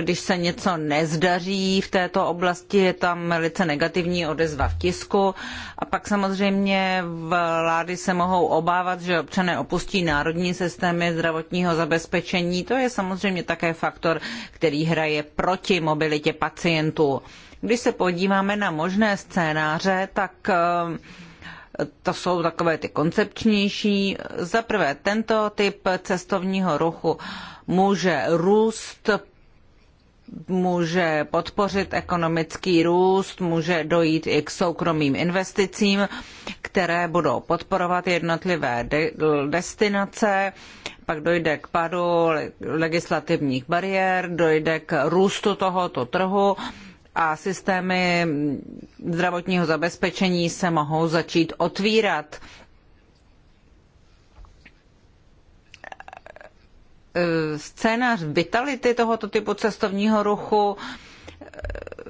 když se něco nezdaří v této oblasti, je tam velice negativní odezva v tisku. A pak samozřejmě vlády se mohou obávat, že občané opustí národní systémy zdravotního zabezpečení. To je samozřejmě také faktor, který hraje proti mobilitě pacientů. Když se podíváme na možné scénáře, tak eh, to jsou takové ty koncepčnější. Za prvé, tento typ cestovního ruchu může růst může podpořit ekonomický růst, může dojít i k soukromým investicím, které budou podporovat jednotlivé de destinace, pak dojde k padu legislativních bariér, dojde k růstu tohoto trhu a systémy zdravotního zabezpečení se mohou začít otvírat E, scénář vitality tohoto typu cestovního ruchu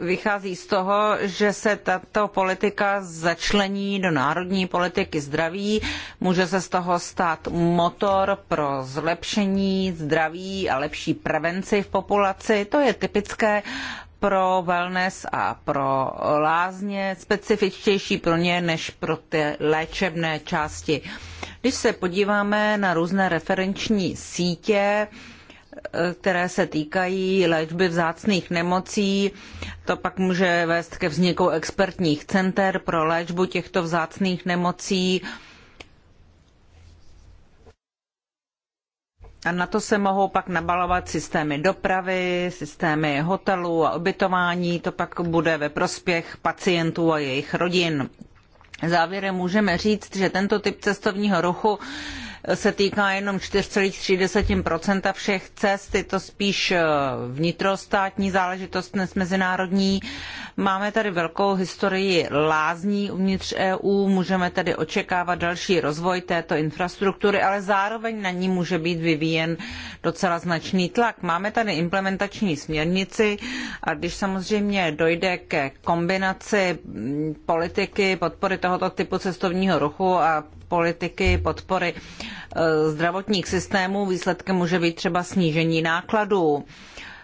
e, vychází z toho, že se tato politika začlení do národní politiky zdraví, může se z toho stát motor pro zlepšení zdraví a lepší prevenci v populaci. To je typické pro wellness a pro lázně, specifičtější pro ně než pro ty léčebné části když se podíváme na různé referenční sítě, které se týkají léčby vzácných nemocí. To pak může vést ke vzniku expertních center pro léčbu těchto vzácných nemocí. A na to se mohou pak nabalovat systémy dopravy, systémy hotelů a ubytování. To pak bude ve prospěch pacientů a jejich rodin. Závěrem můžeme říct, že tento typ cestovního ruchu se týká jenom 4,3 všech cest, je to spíš eh, vnitrostátní záležitost než mezinárodní. Máme tady velkou historii lázní uvnitř EU, můžeme tedy očekávat další rozvoj této infrastruktury, ale zároveň na ní může být vyvíjen docela značný tlak. Máme tady implementační směrnici a když samozřejmě dojde ke kombinaci mm, politiky podpory tohoto typu cestovního ruchu a politiky podpory eh, zdravotních systémů. Výsledkem může být třeba snížení nákladů.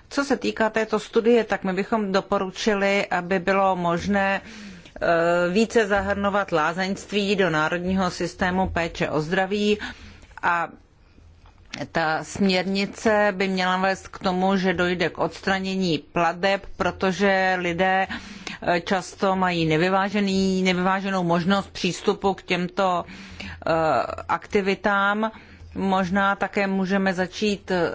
Co se týká této studie, tak my bychom doporučili, aby bylo možné eh, více zahrnovat lázeňství do národního systému péče o zdraví a ta směrnice by měla vést k tomu, že dojde k odstranění plateb, protože lidé eh, často mají nevyváženou možnost přístupu k těmto Eh, aktivitám. Možná také můžeme začít eh,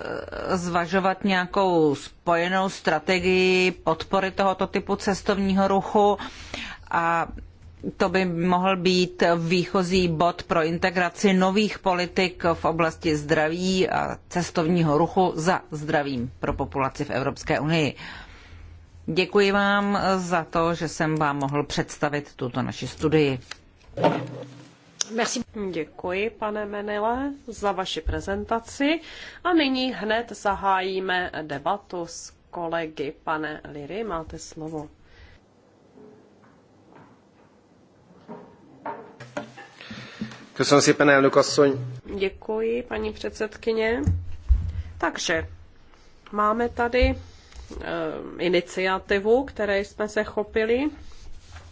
zvažovat nějakou spojenou strategii podpory tohoto typu cestovního ruchu a to by mohl být výchozí bod pro integraci nových politik v oblasti zdraví a cestovního ruchu za zdravím pro populaci v Evropské unii. Děkuji vám za to, že jsem vám mohl představit tuto naši studii. Merci. Děkuji, pane Menile, za vaši prezentaci. A nyní hned zahájíme debatu s kolegy. Pane Liry, máte slovo. Děkuji, paní předsedkyně. Takže máme tady eh, iniciativu, které jsme se chopili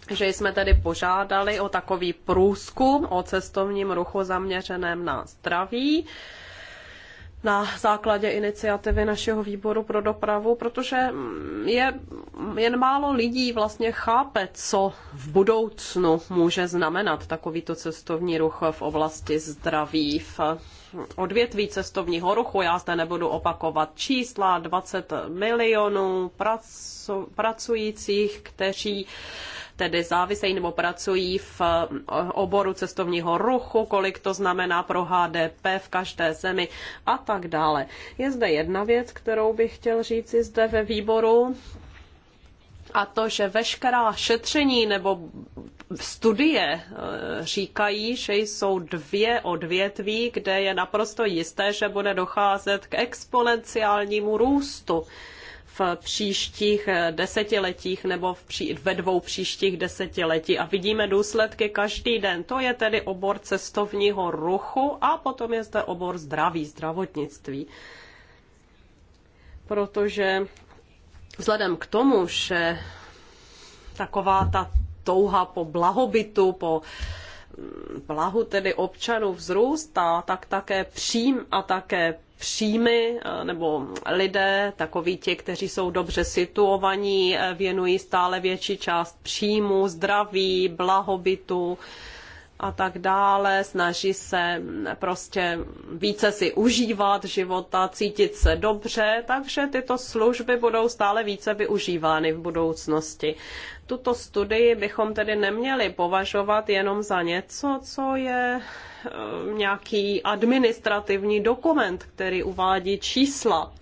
že jsme tedy požádali o takový průzkum o cestovním ruchu zaměřeném na zdraví na základě iniciativy našeho výboru pro dopravu, protože je jen málo lidí vlastně chápe, co v budoucnu může znamenat takovýto cestovní ruch v oblasti zdraví, v odvětví cestovního ruchu. Já zde nebudu opakovat čísla 20 milionů pracujících, kteří tedy závisejí nebo pracují v eh, oboru cestovního ruchu, kolik to znamená pro HDP v každé zemi a tak dále. Je zde jedna věc, kterou bych chtěl říci zde ve výboru, a to, že veškerá šetření nebo studie eh, říkají, že jsou dvě odvětví, kde je naprosto jisté, že bude docházet k exponenciálnímu růstu v příštích eh, desetiletích nebo v pří, ve dvou příštích desetiletí. A vidíme důsledky každý den. To je tedy obor cestovního ruchu a potom je zde obor zdraví, zdravotnictví. Protože vzhledem k tomu, že taková ta touha po blahobytu, po uh, blahu tedy občanů vzrůstá, tak také přím a také příjmy eh, nebo lidé, takoví ti, kteří jsou dobře situovaní, eh, věnují stále větší část příjmu, zdraví, blahobytu a tak dále, snaží se mm, prostě více si užívat života, cítit se dobře, takže tyto služby budou stále více využívány v budoucnosti. Tuto studii bychom tedy neměli považovat jenom za něco, co je eh, nějaký administrativní dokument, který uvádí čísla.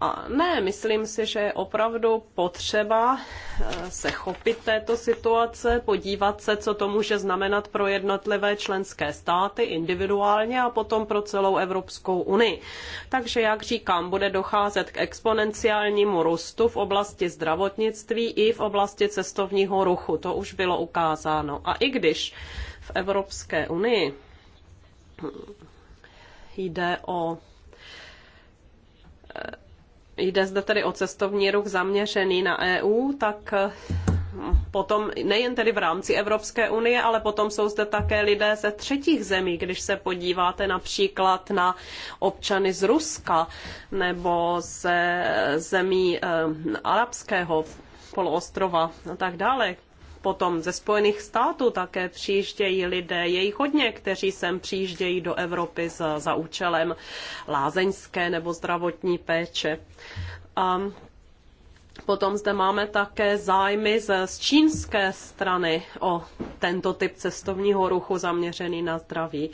A ne, myslím si, že je opravdu potřeba eh, se chopit této situace, podívat se, co to může znamenat pro jednotlivé členské státy individuálně a potom pro celou Evropskou unii. Takže, jak říkám, bude docházet k exponenciálnímu růstu v oblasti zdravotnictví i v oblasti cestovního ruchu. To už bylo ukázáno. A i když v Evropské unii jde o eh, jde zde tedy o cestovní ruch zaměřený na EU, tak eh, potom nejen tedy v rámci Evropské unie, ale potom jsou zde také lidé ze třetích zemí, když se podíváte například na občany z Ruska nebo ze eh, zemí eh, arabského poloostrova a tak dále potom ze Spojených států také přijíždějí lidé, je jich hodně, kteří sem přijíždějí do Evropy za, za účelem lázeňské nebo zdravotní péče. A Potom zde máme také zájmy z, z čínské strany o tento typ cestovního ruchu zaměřený na zdraví.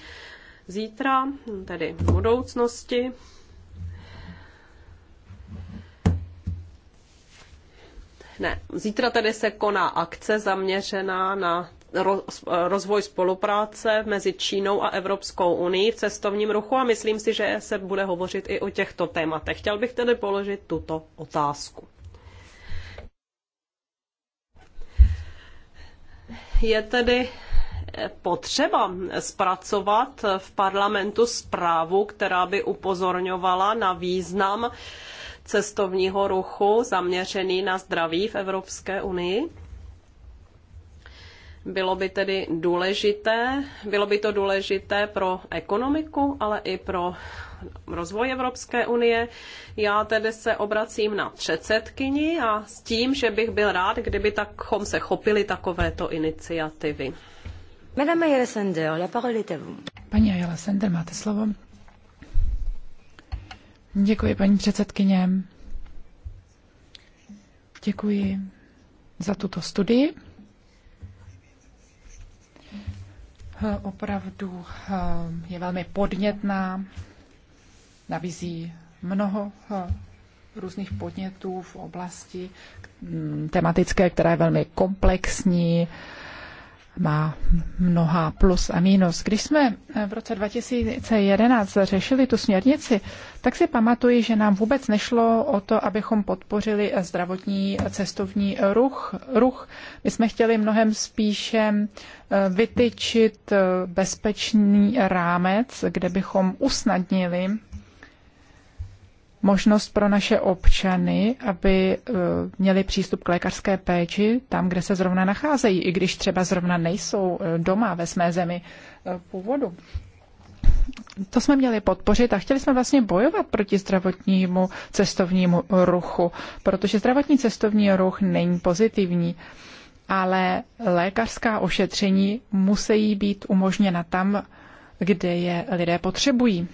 Zítra, tedy v budoucnosti, Ne, zítra tedy se koná akce zaměřená na rozvoj spolupráce mezi Čínou a Evropskou unii v cestovním ruchu a myslím si, že se bude hovořit i o těchto tématech. Chtěl bych tedy položit tuto otázku. Je tedy potřeba zpracovat v parlamentu zprávu, která by upozorňovala na význam cestovního ruchu zaměřený na zdraví v Evropské unii. Bylo by tedy důležité, bylo by to důležité pro ekonomiku, ale i pro rozvoj Evropské unie. Já tedy se obracím na předsedkyni a s tím, že bych byl rád, kdyby takom se chopili takovéto iniciativy. Madame Ayala Sender, la parole est à vous. Paní Ayala Sender, máte slovo. Děkuji, paní předsedkyně. Děkuji za tuto studii. Opravdu eh, je velmi podnětná, nabízí mnoho eh, různých podnětů v oblasti mm, tematické, která je velmi komplexní má mnoha plus a mínus. Když jsme v roce 2011 řešili tu směrnici, tak si pamatuji, že nám vůbec nešlo o to, abychom podpořili zdravotní cestovní ruch. ruch. My jsme chtěli mnohem spíše eh, vytyčit eh, bezpečný rámec, kde bychom usnadnili možnost pro naše občany, aby e, měli přístup k lékařské péči tam, kde se zrovna nacházejí, i když třeba zrovna nejsou e, doma ve své zemi e, původu. To jsme měli podpořit a chtěli jsme vlastně bojovat proti zdravotnímu cestovnímu ruchu, protože zdravotní cestovní ruch není pozitivní ale lékařská ošetření musí být umožněna tam, kde je lidé potřebují.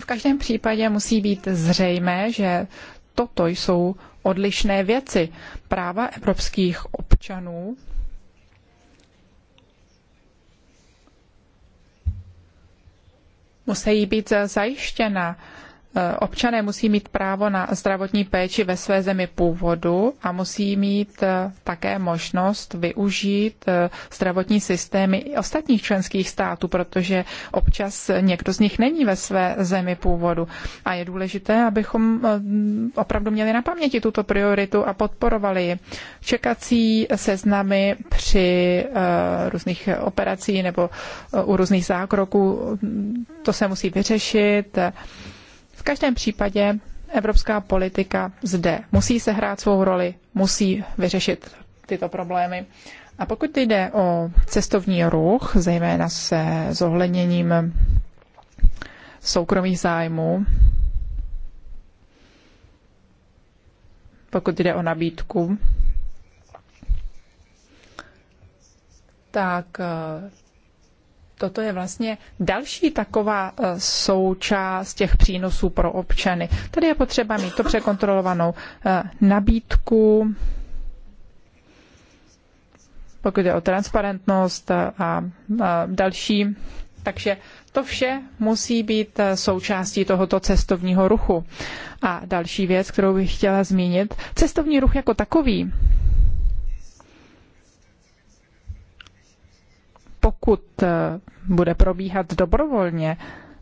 V každém případě musí být zřejmé, že toto jsou odlišné věci. Práva evropských občanů musí být zajištěna. Eh, občané musí mít právo na zdravotní péči ve své zemi původu a musí mít eh, také možnost využít eh, zdravotní systémy i ostatních členských států, protože občas někdo z nich není ve své zemi původu. A je důležité, abychom opravdu měli na paměti tuto prioritu a podporovali ji. Čekací seznamy při různých operacích nebo u různých zákroků, mm, to se musí vyřešit každém případě evropská politika zde musí sehrát svou roli, musí vyřešit tyto problémy. A pokud jde o cestovní ruch, zejména se zohledněním soukromých zájmů, pokud jde o nabídku, tak toto je vlastně další taková e, součást těch přínosů pro občany. Tady je potřeba mít to překontrolovanou e, nabídku, pokud je o transparentnost a další. Takže to vše musí být e, součástí tohoto cestovního ruchu. A další věc, kterou bych chtěla zmínit, cestovní ruch jako takový pokud eh, bude probíhat dobrovolně,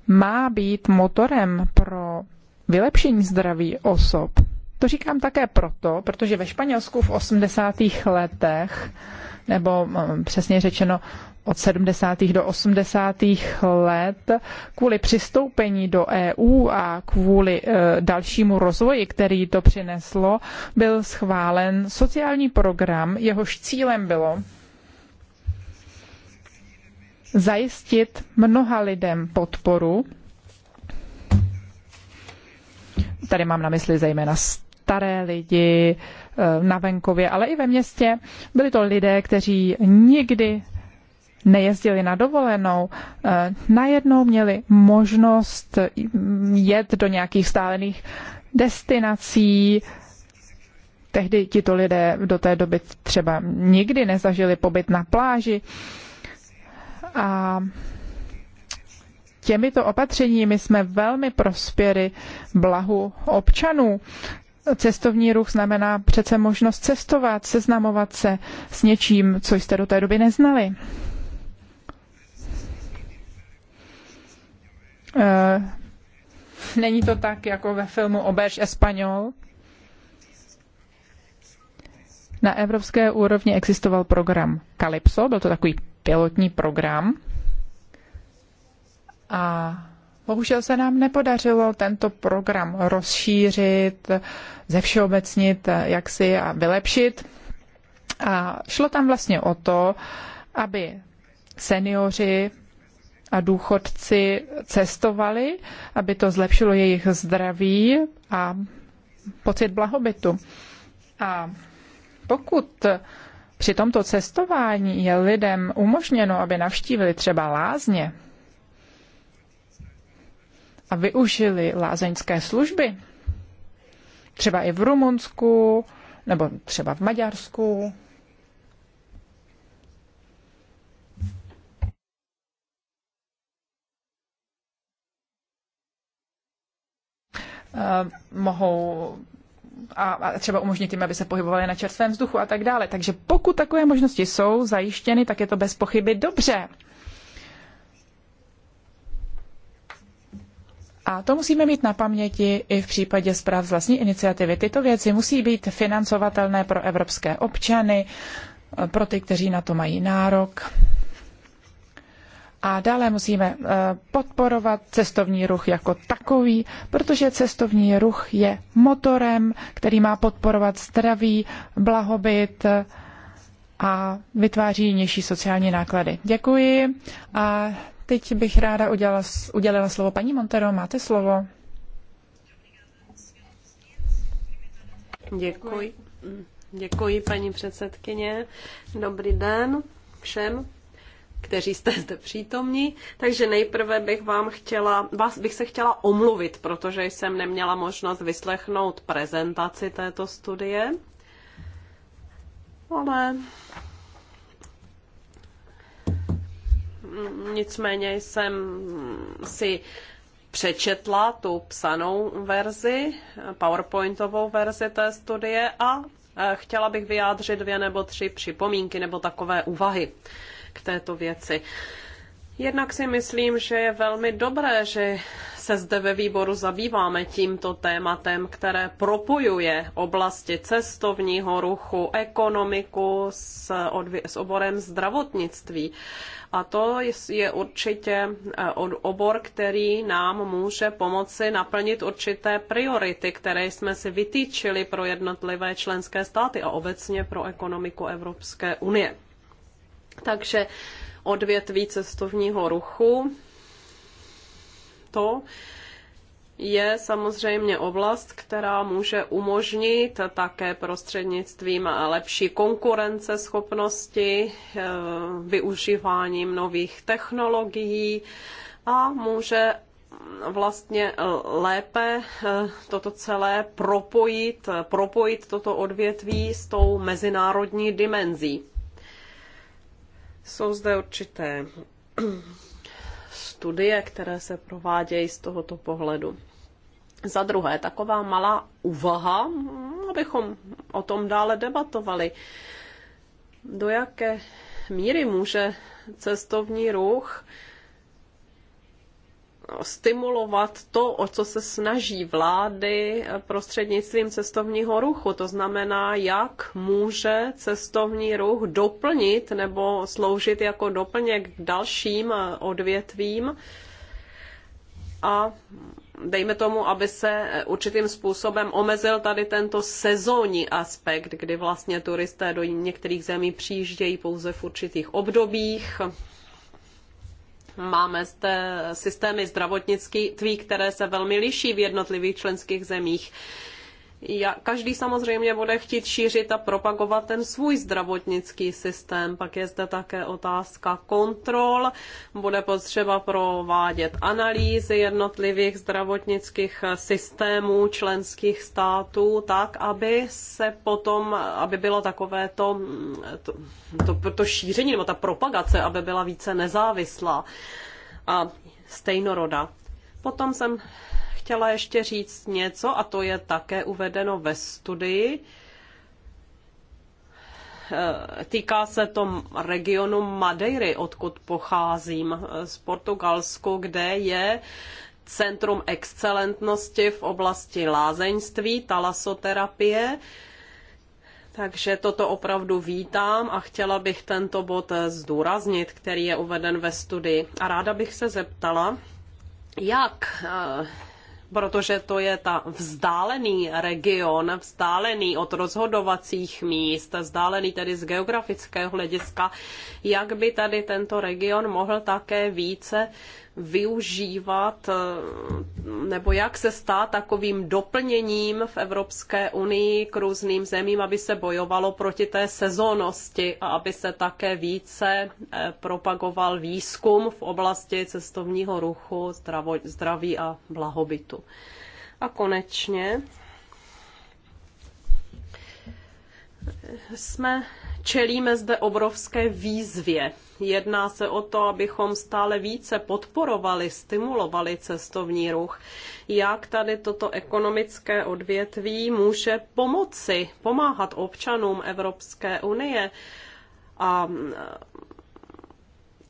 má být motorem pro vylepšení zdraví osob. To říkám také proto, protože ve Španělsku v 80. letech, nebo eh, přesně řečeno od 70. do 80. let, kvůli přistoupení do EU a kvůli e, dalšímu rozvoji, který to přineslo, byl schválen sociální program, jehož cílem bylo zajistit mnoha lidem podporu. Tady mám na mysli zejména staré lidi eh, na venkově, ale i ve městě. Byli to lidé, kteří nikdy nejezdili na dovolenou, eh, najednou měli možnost jet do nějakých stálených destinací. Tehdy tito lidé do té doby třeba nikdy nezažili pobyt na pláži. A těmito opatřeními jsme velmi prospěli blahu občanů. Cestovní ruch znamená přece možnost cestovat, seznamovat se s něčím, co jste do té doby neznali. Eh, není to tak, jako ve filmu Oberž Espanol. Na evropské úrovni existoval program Calypso, byl to takový pilotní program a bohužel se nám nepodařilo tento program rozšířit, zevšeobecnit jaksi a vylepšit. A šlo tam vlastně o to, aby seniori a důchodci cestovali, aby to zlepšilo jejich zdraví a pocit blahobytu. A pokud při tomto cestování je lidem umožněno, aby navštívili třeba lázně a využili lázeňské služby, třeba i v Rumunsku nebo třeba v Maďarsku, eh, mohou a, a třeba umožnit jim, aby se pohybovali na čerstvém vzduchu a tak dále. Takže pokud takové možnosti jsou zajištěny, tak je to bez pochyby dobře. A to musíme mít na paměti i v případě zpráv z vlastní iniciativy. Tyto věci musí být financovatelné pro evropské občany, pro ty, kteří na to mají nárok. A dále musíme eh, podporovat cestovní ruch jako takový, protože cestovní ruch je motorem, který má podporovat zdraví, blahobyt eh, a vytváří nižší sociální náklady. Děkuji a teď bych ráda udělala, udělala slovo paní Montero. Máte slovo. Děkuji. Děkuji, paní předsedkyně. Dobrý den všem kteří jste zde přítomní. Takže nejprve bych vám chtěla, vás bych se chtěla omluvit, protože jsem neměla možnost vyslechnout prezentaci této studie. Ale nicméně jsem si přečetla tu psanou verzi, PowerPointovou verzi té studie a eh, chtěla bych vyjádřit dvě nebo tři připomínky nebo takové úvahy k této věci. Jednak si myslím, že je velmi dobré, že se zde ve výboru zabýváme tímto tématem, které propojuje oblasti cestovního ruchu, ekonomiku s, odvě- s oborem zdravotnictví. A to je určitě eh, obor, který nám může pomoci naplnit určité priority, které jsme si vytýčili pro jednotlivé členské státy a obecně pro ekonomiku Evropské unie. Takže odvětví cestovního ruchu, to je samozřejmě oblast, která může umožnit také prostřednictvím lepší konkurenceschopnosti, eh, využíváním nových technologií a může vlastně lépe eh, toto celé propojit, propojit toto odvětví s tou mezinárodní dimenzí. Jsou zde určité studie, které se provádějí z tohoto pohledu. Za druhé, taková malá uvaha. abychom o tom dále debatovali. Do jaké míry může cestovní ruch stimulovat to, o co se snaží vlády prostřednictvím cestovního ruchu. To znamená, jak může cestovní ruch doplnit nebo sloužit jako doplněk k dalším odvětvím a dejme tomu, aby se určitým způsobem omezil tady tento sezónní aspekt, kdy vlastně turisté do některých zemí přijíždějí pouze v určitých obdobích, Máme zde systémy zdravotnictví, které se velmi liší v jednotlivých členských zemích každý samozřejmě bude chtít šířit a propagovat ten svůj zdravotnický systém. Pak je zde také otázka kontrol. Bude potřeba provádět analýzy jednotlivých zdravotnických systémů členských států tak, aby se potom, aby bylo takové to, to, to, to šíření nebo ta propagace, aby byla více nezávislá a stejnoroda. Potom jsem chtěla ještě říct něco, a to je také uvedeno ve studii. Eh, týká se to regionu Madeiry, odkud pocházím, eh, z Portugalsku, kde je Centrum excelentnosti v oblasti lázeňství, talasoterapie. Takže toto opravdu vítám a chtěla bych tento bod eh, zdůraznit, který je uveden ve studii. A ráda bych se zeptala, jak protože to je ta vzdálený region, vzdálený od rozhodovacích míst, vzdálený tedy z geografického hlediska, jak by tady tento region mohl také více využívat eh, nebo jak se stát takovým doplněním v Evropské unii k různým zemím, aby se bojovalo proti té sezónnosti a aby se také více eh, propagoval výzkum v oblasti cestovního ruchu, zdraví a blahobytu. A konečně eh, jsme Čelíme zde obrovské výzvě. Jedná se o to, abychom stále více podporovali, stimulovali cestovní ruch. Jak tady toto ekonomické odvětví může pomoci, pomáhat občanům Evropské unie a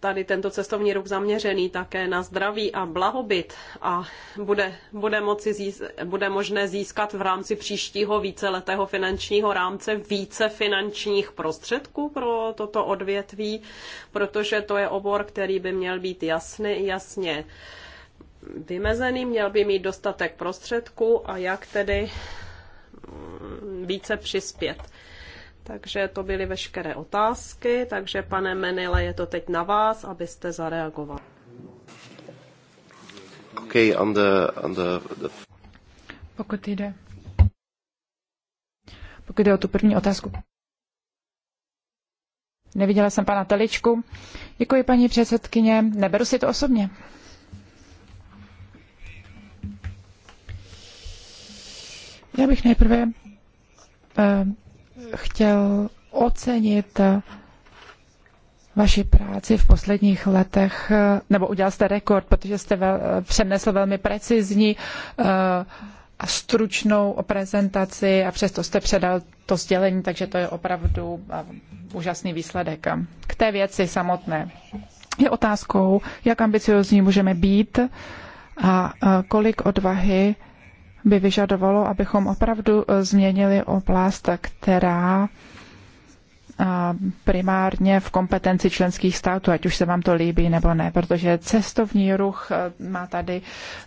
tady tento cestovní ruch zaměřený také na zdraví a blahobyt a bude, bude, moci zís, bude možné získat v rámci příštího víceletého finančního rámce více finančních prostředků pro toto odvětví, protože to je obor, který by měl být jasný, jasně vymezený, měl by mít dostatek prostředků a jak tedy mm, více přispět. Takže to byly veškeré otázky, takže pane Menile, je to teď na vás, abyste zareagoval. Okay, on the, on the, the... Pokud jde. Pokud jde o tu první otázku. Neviděla jsem pana Teličku. Děkuji, paní předsedkyně. Neberu si to osobně. Já bych nejprve eh, chtěl ocenit vaši práci v posledních letech, nebo udělal jste rekord, protože jste vel, přenesl velmi precizní eh, a stručnou prezentaci a přesto jste předal to sdělení, takže to je opravdu eh, úžasný výsledek. K té věci samotné je otázkou, jak ambiciozní můžeme být a eh, kolik odvahy by vyžadovalo, abychom opravdu eh, změnili oblast, která primárně v kompetenci členských států, ať už se vám to líbí nebo ne, protože cestovní ruch e, má tady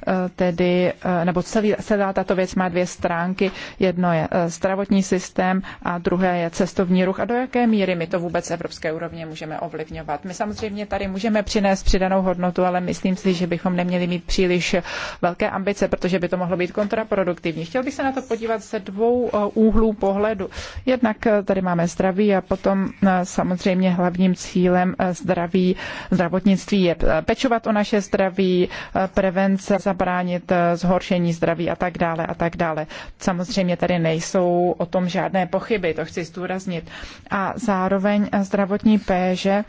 e, tedy, e, nebo celý, celá tato věc má dvě stránky. Jedno je zdravotní systém a druhé je cestovní ruch. A do jaké míry my to vůbec evropské úrovně můžeme ovlivňovat? My samozřejmě tady můžeme přinést přidanou hodnotu, ale myslím si, že bychom neměli mít příliš velké ambice, protože by to mohlo být kontraproduktivní. Chtěl bych se na to podívat ze dvou úhlů pohledu. Jednak tady máme zdraví a potom potom eh, samozřejmě hlavním cílem eh, zdraví, zdravotnictví je eh, pečovat o naše zdraví, prevence, zabránit zhoršení zdraví a tak dále a tak dále. Samozřejmě tady nejsou o tom žádné pochyby, to chci zdůraznit. A zároveň zdravotní péže,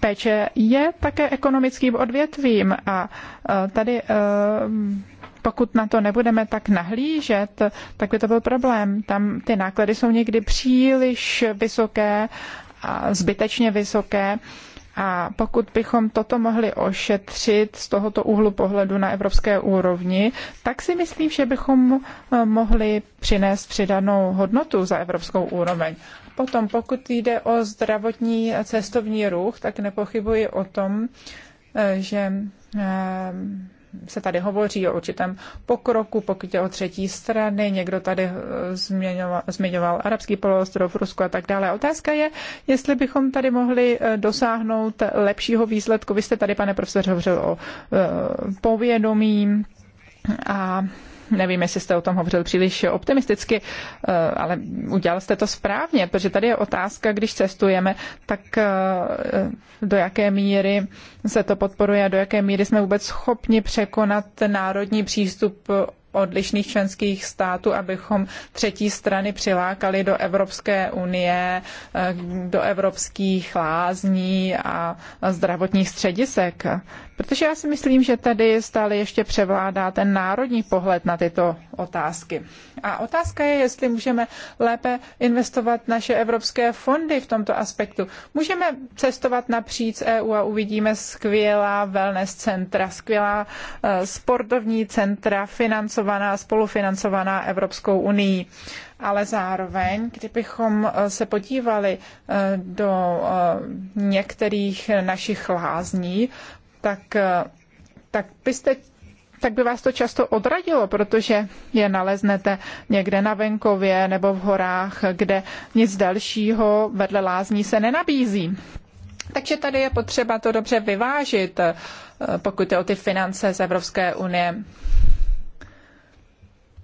péče je také ekonomickým odvětvím a tady pokud na to nebudeme tak nahlížet, tak by to byl problém. Tam ty náklady jsou někdy příliš vysoké, a zbytečně vysoké. A pokud bychom toto mohli ošetřit z tohoto úhlu pohledu na evropské úrovni, tak si myslím, že bychom eh, mohli přinést přidanou hodnotu za evropskou úroveň. Potom, pokud jde o zdravotní cestovní ruch, tak nepochybuji o tom, eh, že eh, se tady hovoří o určitém pokroku, pokud je o třetí strany, někdo tady eh, zmiňoval, zmiňoval arabský poloostrov, Rusko a tak dále. Otázka je, jestli bychom tady mohli eh, dosáhnout lepšího výsledku. Vy jste tady, pane profesor, hovořil o eh, povědomí a Nevím, jestli jste o tom hovořil příliš optimisticky, eh, ale udělal jste to správně, protože tady je otázka, když cestujeme, tak eh, do jaké míry se to podporuje a do jaké míry jsme vůbec schopni překonat národní přístup odlišných členských států, abychom třetí strany přilákali do Evropské unie, eh, do evropských lázní a zdravotních středisek. Protože já si myslím, že tady stále ještě převládá ten národní pohled na tyto otázky. A otázka je, jestli můžeme lépe investovat naše evropské fondy v tomto aspektu. Můžeme cestovat napříč EU a uvidíme skvělá wellness centra, skvělá eh, sportovní centra, financovaná, spolufinancovaná Evropskou unii ale zároveň, kdybychom eh, se podívali eh, do některých našich lázní, tak, eh, tak byste tak by vás to často odradilo, protože je naleznete někde na venkově nebo v horách, kde nic dalšího vedle lázní se nenabízí. Takže tady je potřeba to dobře vyvážit, eh, pokud je o ty finance z Evropské unie.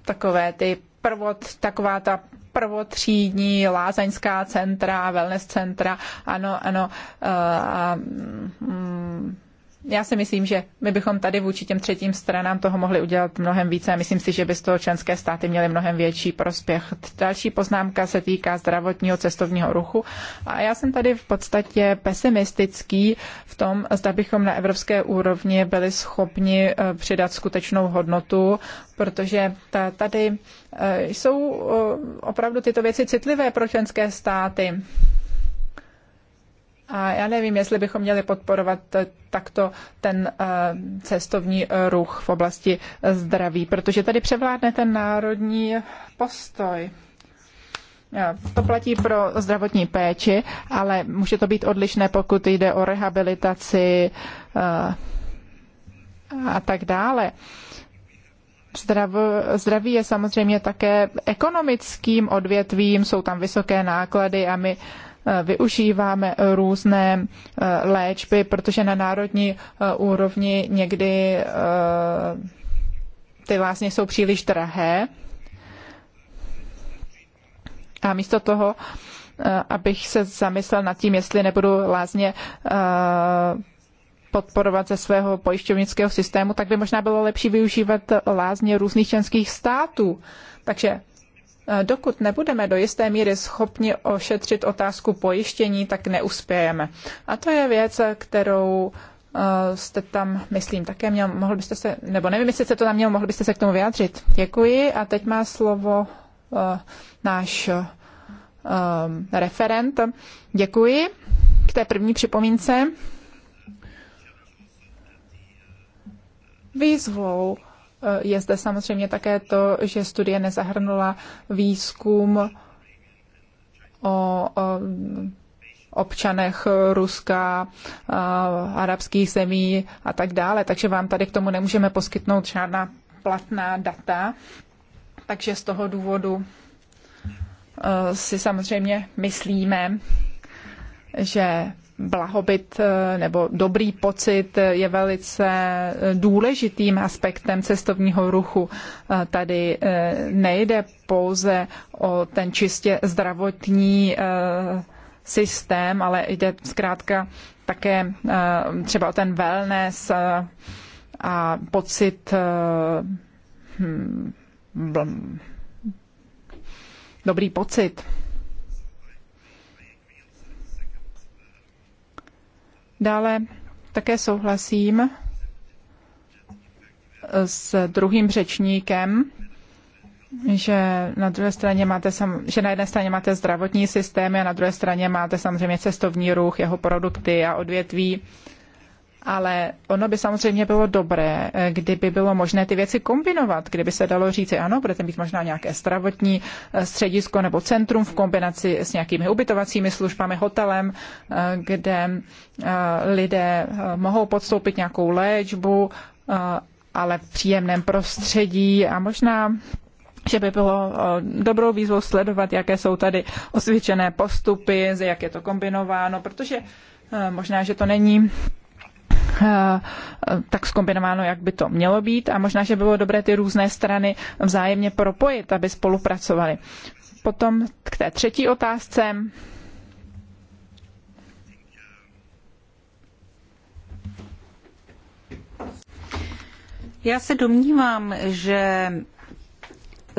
Takové ty prvot, taková ta prvotřídní lázeňská centra, wellness centra, ano, ano, eh, a, a, mm, já si myslím, že my bychom tady vůči těm třetím stranám toho mohli udělat mnohem více a myslím si, že by z toho členské státy měly mnohem větší prospěch. Další poznámka se týká zdravotního cestovního ruchu a já jsem tady v podstatě pesimistický v tom, zda bychom na evropské úrovni byli schopni eh, přidat skutečnou hodnotu, protože tady eh, jsou eh, opravdu tyto věci citlivé pro členské státy. A já nevím, jestli bychom měli podporovat eh, takto ten eh, cestovní eh, ruch v oblasti zdraví, protože tady převládne ten národní postoj. To platí pro zdravotní péči, ale může to být odlišné, pokud jde o rehabilitaci a tak dále. Zdrav, zdraví je samozřejmě také ekonomickým odvětvím, jsou tam vysoké náklady a my uh, Eh, využíváme různé eh, léčby, protože na národní eh, úrovni někdy ty vlastně jsou příliš drahé. A místo toho, abych se zamyslel nad tím, jestli nebudu lázně podporovat ze svého pojišťovnického systému, tak by možná bylo lepší využívat lázně různých členských států. Takže Eh, dokud nebudeme do jisté míry schopni ošetřit otázku pojištění, tak neuspějeme. A to je věc, kterou eh, jste tam, myslím, také měl, mohl byste se, nebo nevím, jestli jste to tam měl, mohl byste se k tomu vyjádřit. Děkuji a teď má slovo uh, náš uh, referent. Děkuji k té první připomínce. Výzvou Eh, je zde samozřejmě také to, že studie nezahrnula výzkum o, o občanech Ruska, eh, arabských zemí a tak dále. Takže vám tady k tomu nemůžeme poskytnout žádná platná data. Takže z toho důvodu eh, si samozřejmě myslíme, že blahobyt eh, nebo dobrý pocit je velice eh, důležitým aspektem cestovního ruchu. Eh, tady nejde pouze o ten čistě zdravotní systém, ale jde zkrátka také třeba o ten wellness a pocit hm, dobrý pocit. Dále také souhlasím s druhým řečníkem, že na druhé straně máte sam, že na jedné straně máte zdravotní systémy a na druhé straně máte samozřejmě cestovní ruch, jeho produkty a odvětví, ale ono by samozřejmě bylo dobré, eh, kdyby bylo možné ty věci kombinovat, kdyby se dalo říci, ano, budete mít možná nějaké zdravotní eh, středisko nebo centrum v kombinaci s nějakými ubytovacími službami, hotelem, eh, kde lidé mohou podstoupit nějakou léčbu, ale v příjemném prostředí a možná že by bylo dobrou výzvou sledovat, jaké jsou tady osvědčené postupy, jak je to kombinováno, protože možná, že to není Eh, tak skombinováno, jak by to mělo být a možná, že bylo dobré ty různé strany vzájemně propojit, aby spolupracovali. Potom k té třetí otázce. Já se domnívám, že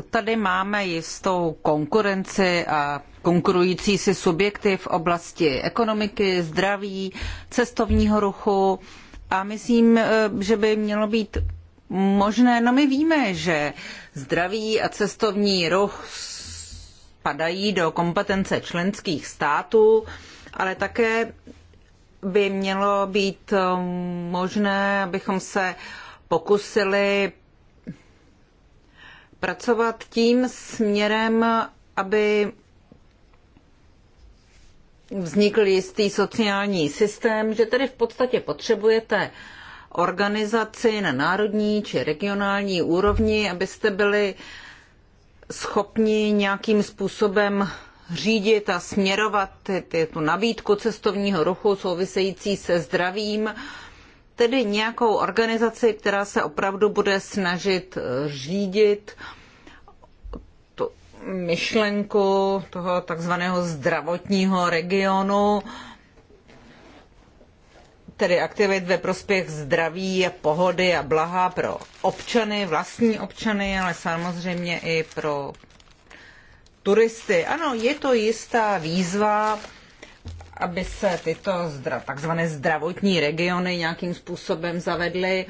tady máme jistou konkurenci a konkurující si subjekty v oblasti ekonomiky, zdraví, cestovního ruchu a myslím, eh, že by mělo být možné, no my víme, že zdraví a cestovní ruch spadají do kompetence členských států, ale také by mělo být eh, možné, abychom se pokusili pracovat tím směrem, aby vznikl jistý sociální systém, že tedy v podstatě potřebujete organizaci na národní či regionální úrovni, abyste byli schopni nějakým způsobem řídit a směrovat ty, ty, tu nabídku cestovního ruchu související se zdravím, tedy nějakou organizaci, která se opravdu bude snažit eh, řídit uh, myšlenku toho takzvaného zdravotního regionu, tedy aktivit ve prospěch zdraví a pohody a blaha pro občany, vlastní občany, ale samozřejmě i pro turisty. Ano, je to jistá výzva, aby se tyto takzvané zdravotní regiony nějakým způsobem zavedly.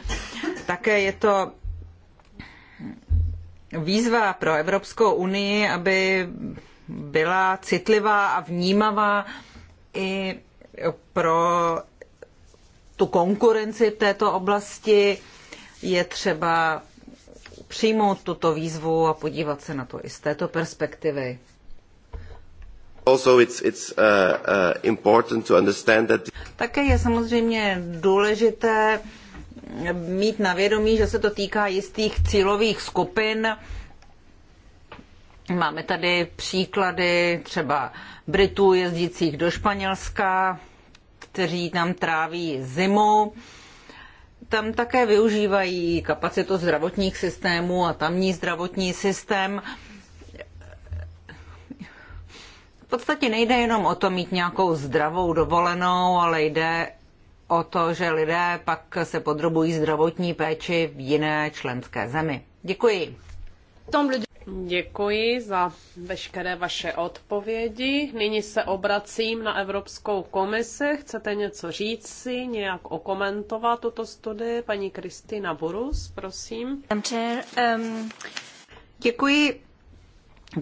Také je to výzva pro Evropskou unii, aby byla citlivá a vnímavá i pro tu konkurenci v této oblasti, je třeba přijmout tuto výzvu a podívat se na to i z této perspektivy. Uh, uh, Také je samozřejmě důležité mít na vědomí, že se to týká jistých cílových skupin. Máme tady příklady třeba Britů jezdících do Španělska, kteří tam tráví zimu. Tam také využívají kapacitu zdravotních systémů a tamní zdravotní systém. V podstatě nejde jenom o to mít nějakou zdravou dovolenou, ale jde o to, že lidé pak se podrobují zdravotní péči v jiné členské zemi. Děkuji. Děkuji za veškeré vaše odpovědi. Nyní se obracím na Evropskou komisi. Chcete něco říct si, nějak okomentovat tuto studii? Paní Kristýna Burus, prosím. Um, Děkuji.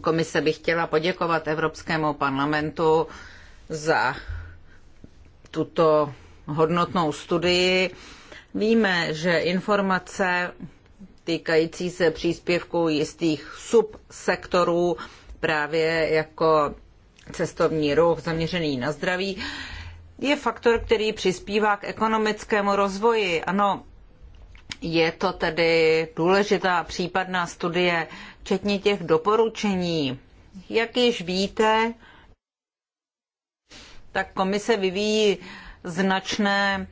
Komise bych chtěla poděkovat Evropskému parlamentu za tuto hodnotnou studii. Víme, že informace týkající se příspěvků jistých subsektorů, právě jako cestovní ruch zaměřený na zdraví, je faktor, který přispívá k ekonomickému rozvoji. Ano, je to tedy důležitá případná studie, včetně těch doporučení. Jak již víte, tak komise vyvíjí značné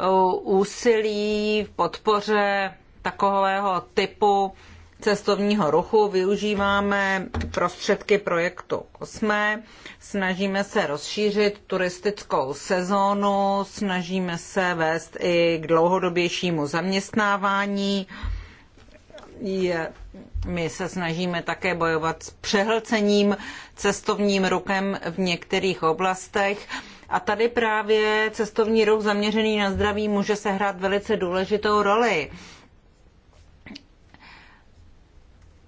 eh, úsilí v podpoře takového typu cestovního ruchu využíváme prostředky projektu Kosme, snažíme se rozšířit turistickou sezónu, snažíme se vést i k dlouhodobějšímu zaměstnávání. Je, my se snažíme také bojovat s přehlcením cestovním rukem v některých oblastech a tady právě cestovní ruch zaměřený na zdraví může sehrát velice důležitou roli.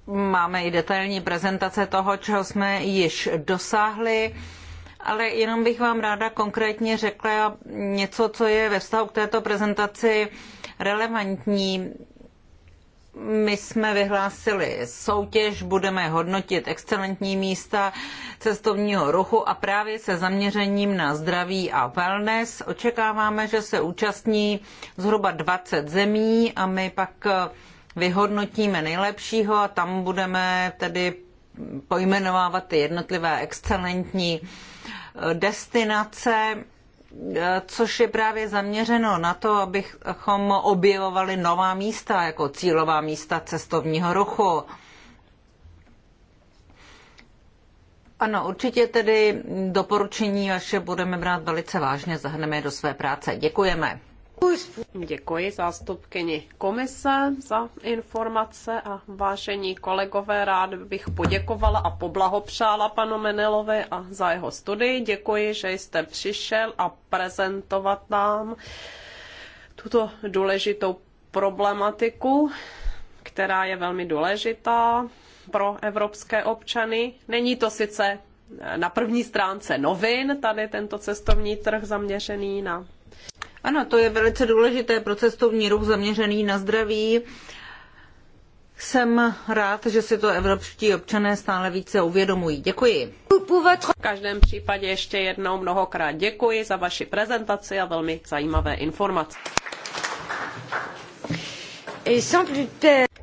Máme i detailní prezentace toho, čeho jsme již dosáhli, ale jenom bych vám ráda konkrétně řekla něco, co je ve vztahu k této prezentaci relevantní my jsme vyhlásili soutěž, budeme hodnotit excelentní místa cestovního ruchu a právě se zaměřením na zdraví a wellness. Očekáváme, že se účastní zhruba 20 zemí a my pak eh, vyhodnotíme nejlepšího a tam budeme tedy pojmenovávat ty jednotlivé excelentní eh, destinace což je právě zaměřeno na to, abychom objevovali nová místa, jako cílová místa cestovního ruchu. Ano, určitě tedy doporučení vaše budeme brát velice vážně, zahrneme do své práce. Děkujeme. Děkuji zástupkyni komise za informace a vážení kolegové, rád bych poděkovala a poblahopřála panu Menelovi a za jeho studii. Děkuji, že jste přišel a prezentovat nám tuto důležitou problematiku, která je velmi důležitá pro evropské občany. Není to sice na první stránce novin, tady tento cestovní trh zaměřený na ano, to je velice důležité pro cestovní ruch zaměřený na zdraví. Jsem rád, že si to evropští občané stále více uvědomují. Děkuji. V každém případě ještě jednou mnohokrát děkuji za vaši prezentaci a velmi zajímavé informace.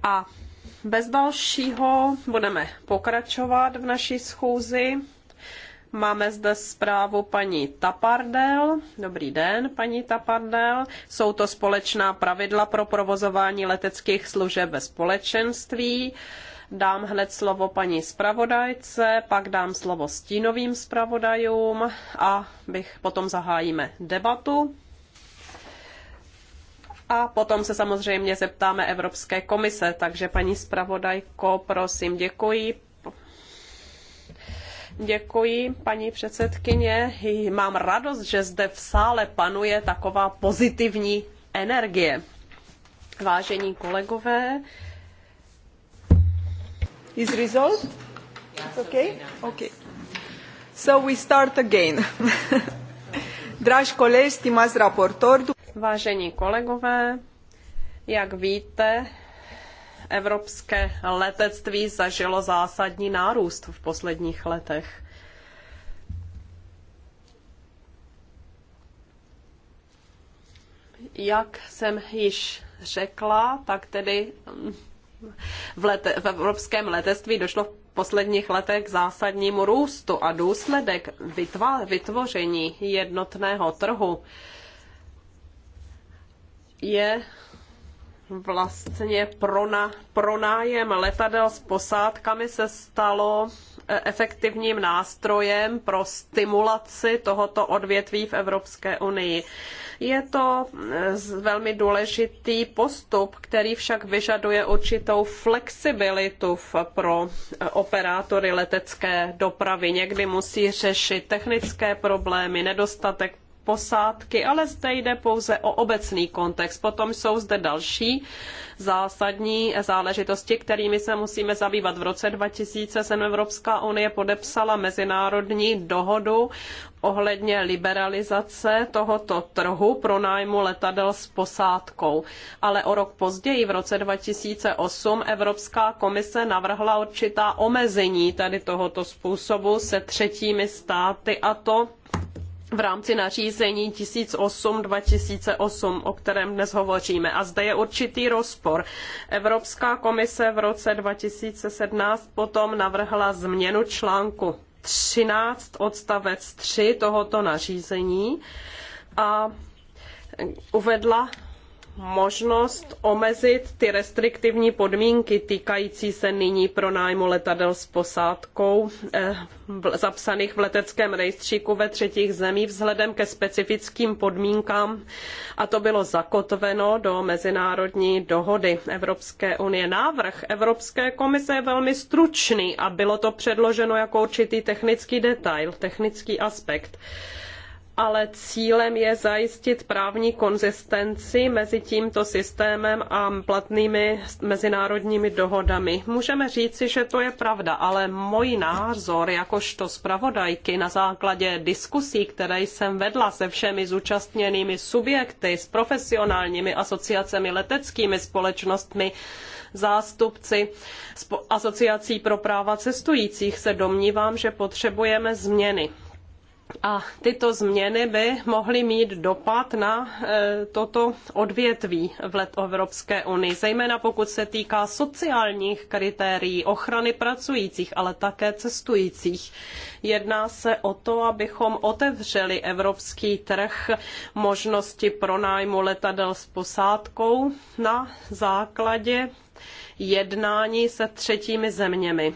A bez dalšího budeme pokračovat v naší schůzi. Máme zde zprávu paní Tapardel. Dobrý den, paní Tapardel. Jsou to společná pravidla pro provozování leteckých služeb ve společenství. Dám hned slovo paní zpravodajce, pak dám slovo stínovým zpravodajům a bych potom zahájíme debatu. A potom se samozřejmě zeptáme Evropské komise. Takže paní zpravodajko, prosím, děkuji. Děkuji, paní předsedkyně. Mám radost, že zde v sále panuje taková pozitivní energie. Vážení kolegové, is result? Okay? Okay. So we start again. (laughs) Dragi colegi, stimați raportori, Vážení kolegové, jak víte, evropské letectví zažilo zásadní nárůst v posledních letech. Jak jsem již řekla, tak tedy mm, v, lete, v evropském letectví došlo v posledních letech k zásadnímu růstu a důsledek vytva, vytvoření jednotného trhu je vlastně prona, pronájem letadel s posádkami se stalo e, efektivním nástrojem pro stimulaci tohoto odvětví v Evropské unii. Je to e, velmi důležitý postup, který však vyžaduje určitou flexibilitu pro e, operátory letecké dopravy. Někdy musí řešit technické problémy, nedostatek posádky, ale zde jde pouze o obecný kontext. Potom jsou zde další zásadní záležitosti, kterými se musíme zabývat. V roce 2007 Evropská unie podepsala mezinárodní dohodu ohledně liberalizace tohoto trhu pro nájmu letadel s posádkou. Ale o rok později, v roce 2008, Evropská komise navrhla určitá omezení tady tohoto způsobu se třetími státy a to v rámci nařízení 1008-2008, o kterém dnes hovoříme. A zde je určitý rozpor. Evropská komise v roce 2017 potom navrhla změnu článku 13 odstavec 3 tohoto nařízení a uvedla možnost omezit ty restriktivní podmínky týkající se nyní pronájmu letadel s posádkou eh, zapsaných v leteckém rejstříku ve třetích zemích vzhledem ke specifickým podmínkám a to bylo zakotveno do mezinárodní dohody Evropské unie. Návrh Evropské komise je velmi stručný a bylo to předloženo jako určitý technický detail, technický aspekt ale cílem je zajistit právní konzistenci mezi tímto systémem a platnými mezinárodními dohodami. Můžeme říci, že to je pravda, ale můj názor, jakožto zpravodajky na základě diskusí, které jsem vedla se všemi zúčastněnými subjekty, s profesionálními asociacemi, leteckými společnostmi, zástupci asociací pro práva cestujících, se domnívám, že potřebujeme změny a tyto změny by mohly mít dopad na e, toto odvětví v let Evropské unii, zejména pokud se týká sociálních kritérií, ochrany pracujících, ale také cestujících. Jedná se o to, abychom otevřeli evropský trh možnosti pronájmu letadel s posádkou na základě jednání se třetími zeměmi.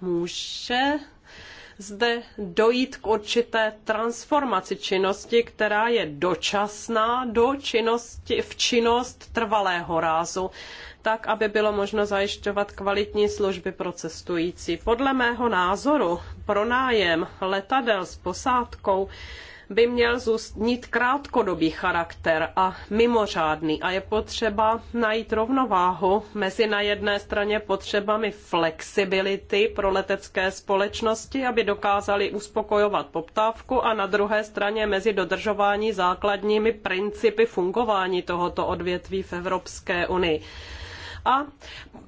Může zde dojít k určité transformaci činnosti, která je dočasná do činnosti, v činnost trvalého rázu, tak, aby bylo možno zajišťovat kvalitní služby pro cestující. Podle mého názoru pronájem letadel s posádkou by měl zůstnit krátkodobý charakter a mimořádný a je potřeba najít rovnováhu mezi na jedné straně potřebami flexibility pro letecké společnosti, aby dokázali uspokojovat poptávku a na druhé straně mezi dodržování základními principy fungování tohoto odvětví v Evropské unii. A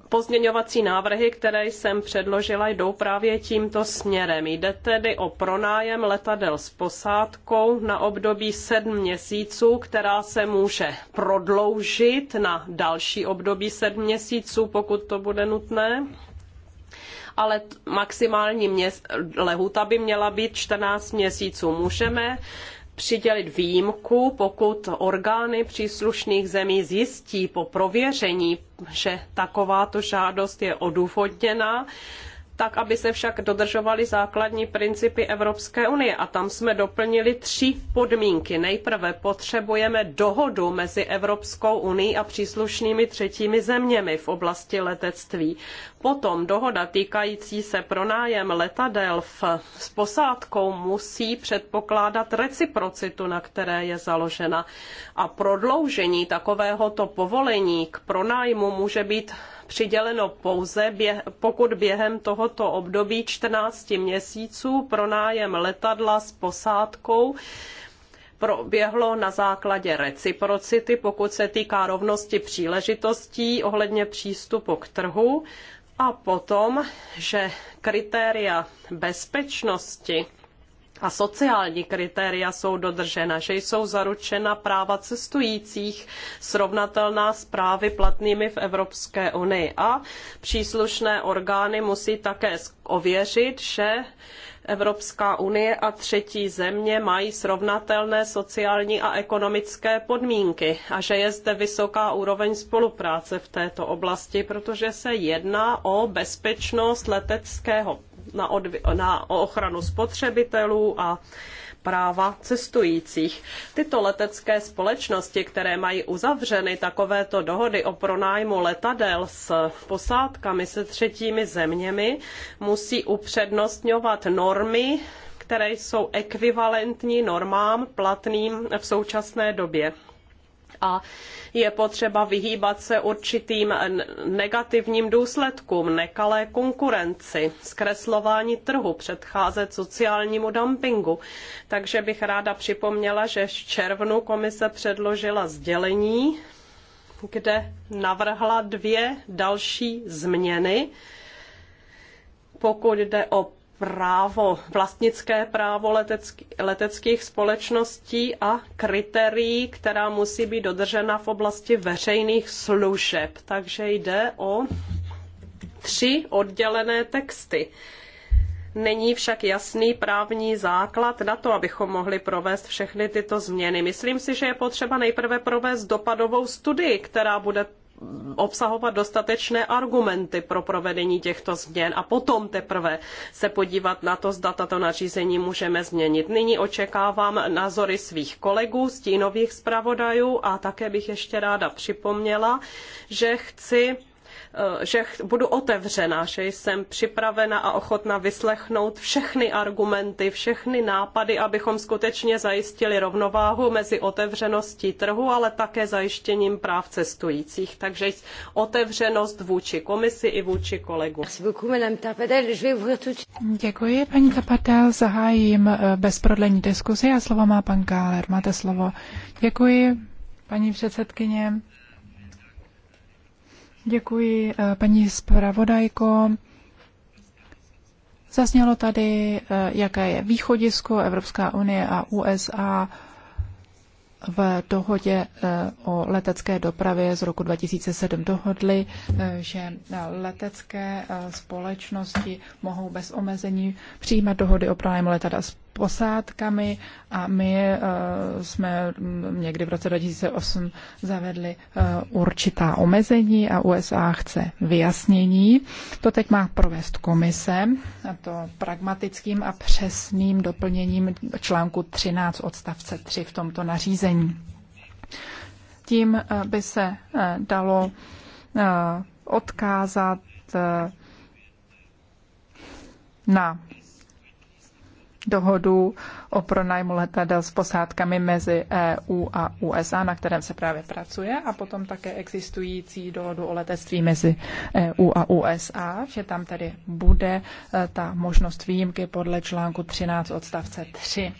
pozměňovací návrhy, které jsem předložila, jdou právě tímto směrem. Jde tedy o pronájem letadel s posádkou na období sedm měsíců, která se může prodloužit na další období sedm měsíců, pokud to bude nutné ale maximální měs- lehuta by měla být 14 měsíců. Můžeme přidělit výjimku, pokud orgány příslušných zemí zjistí po prověření, že takováto žádost je odůvodněná, tak aby se však dodržovaly základní principy Evropské unie. A tam jsme doplnili tři podmínky. Nejprve potřebujeme dohodu mezi Evropskou unií a příslušnými třetími zeměmi v oblasti letectví. Potom dohoda týkající se pronájem letadel v, s posádkou musí předpokládat reciprocitu, na které je založena. A prodloužení takovéhoto povolení k pronájmu může být přiděleno pouze, pokud během tohoto období 14 měsíců pronájem letadla s posádkou proběhlo na základě reciprocity, pokud se týká rovnosti příležitostí ohledně přístupu k trhu a potom, že kritéria bezpečnosti a sociální kritéria jsou dodržena, že jsou zaručena práva cestujících srovnatelná s právy platnými v Evropské unii. A příslušné orgány musí také ověřit, že Evropská unie a třetí země mají srovnatelné sociální a ekonomické podmínky a že je zde vysoká úroveň spolupráce v této oblasti, protože se jedná o bezpečnost leteckého na, odvi- na ochranu spotřebitelů a práva cestujících. Tyto letecké společnosti, které mají uzavřeny takovéto dohody o pronájmu letadel s posádkami se třetími zeměmi, musí upřednostňovat normy, které jsou ekvivalentní normám platným v současné době a je potřeba vyhýbat se určitým negativním důsledkům, nekalé konkurenci, zkreslování trhu, předcházet sociálnímu dumpingu. Takže bych ráda připomněla, že v červnu komise předložila sdělení, kde navrhla dvě další změny, pokud jde o právo, vlastnické právo letecký, leteckých společností a kritérií, která musí být dodržena v oblasti veřejných služeb. Takže jde o tři oddělené texty. Není však jasný právní základ na to, abychom mohli provést všechny tyto změny. Myslím si, že je potřeba nejprve provést dopadovou studii, která bude obsahovat dostatečné argumenty pro provedení těchto změn a potom teprve se podívat na to, zda tato nařízení můžeme změnit. Nyní očekávám názory svých kolegů, stínových zpravodajů a také bych ještě ráda připomněla, že chci Eh, že budu otevřená, že jsem připravena a ochotna vyslechnout všechny argumenty, všechny nápady, abychom skutečně zajistili rovnováhu mezi otevřeností trhu, ale také zajištěním práv cestujících. Takže otevřenost vůči komisi i vůči kolegům. Děkuji, paní Tapatel. Zahájím eh, bez prodlení diskuzi a slovo má pan Gáler. Máte slovo. Děkuji, paní předsedkyně. Děkuji, eh, paní zpravodajko. Zaznělo tady, eh, jaké je východisko Evropská unie a USA v dohodě eh, o letecké dopravě z roku 2007 dohodli, že letecké společnosti mohou bez omezení přijímat dohody o pronájmu letadla posádkami a my eh, jsme mm, někdy v roce 2008 zavedli eh, určitá omezení a USA chce vyjasnění. To teď má provést komise a to pragmatickým a přesným doplněním článku 13 odstavce 3 v tomto nařízení. Tím eh, by se dalo odkázat na dohodu o pronájmu letadel s posádkami mezi EU a USA, na kterém se právě pracuje, a potom také existující dohodu o letectví mezi EU a USA, že tam tedy bude e, ta možnost výjimky podle článku 13 odstavce 3.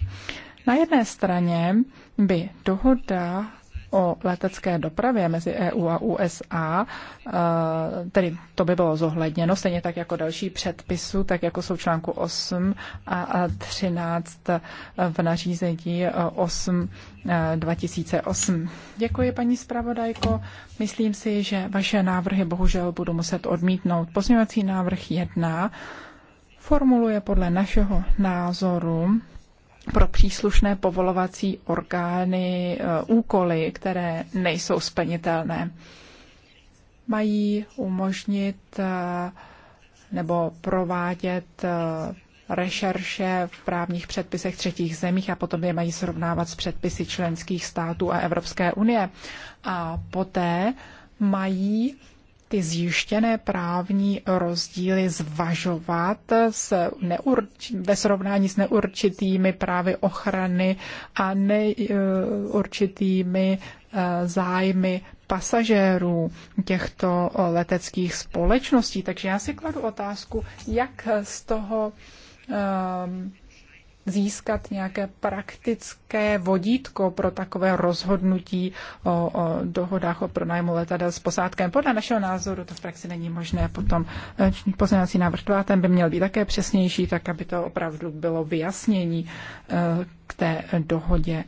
Na jedné straně by dohoda o letecké dopravě mezi EU a USA, eh, tedy to by bylo zohledněno, stejně tak jako další předpisu, tak jako jsou článku 8 a 13 v nařízení 8 2008. Eh, Děkuji, paní zpravodajko. Myslím si, že vaše návrhy bohužel budu muset odmítnout. Pozměňovací návrh 1 formuluje podle našeho názoru pro příslušné povolovací orgány eh, úkoly, které nejsou splnitelné. Mají umožnit eh, nebo provádět eh, rešerše v právních předpisech třetích zemích a potom je mají srovnávat s předpisy členských států a Evropské unie. A poté mají ty zjištěné právní rozdíly zvažovat s neurč- ve srovnání s neurčitými právy ochrany a neurčitými eh, zájmy pasažérů těchto leteckých společností. Takže já si kladu otázku, jak z toho um, získat nějaké praktické vodítko pro takové rozhodnutí o, o dohodách o pronájmu letadel s posádkem. Podle našeho názoru to v praxi není možné. Potom eh, poznávací návrh 2 ten by měl být také přesnější, tak aby to opravdu bylo vyjasnění eh, k té dohodě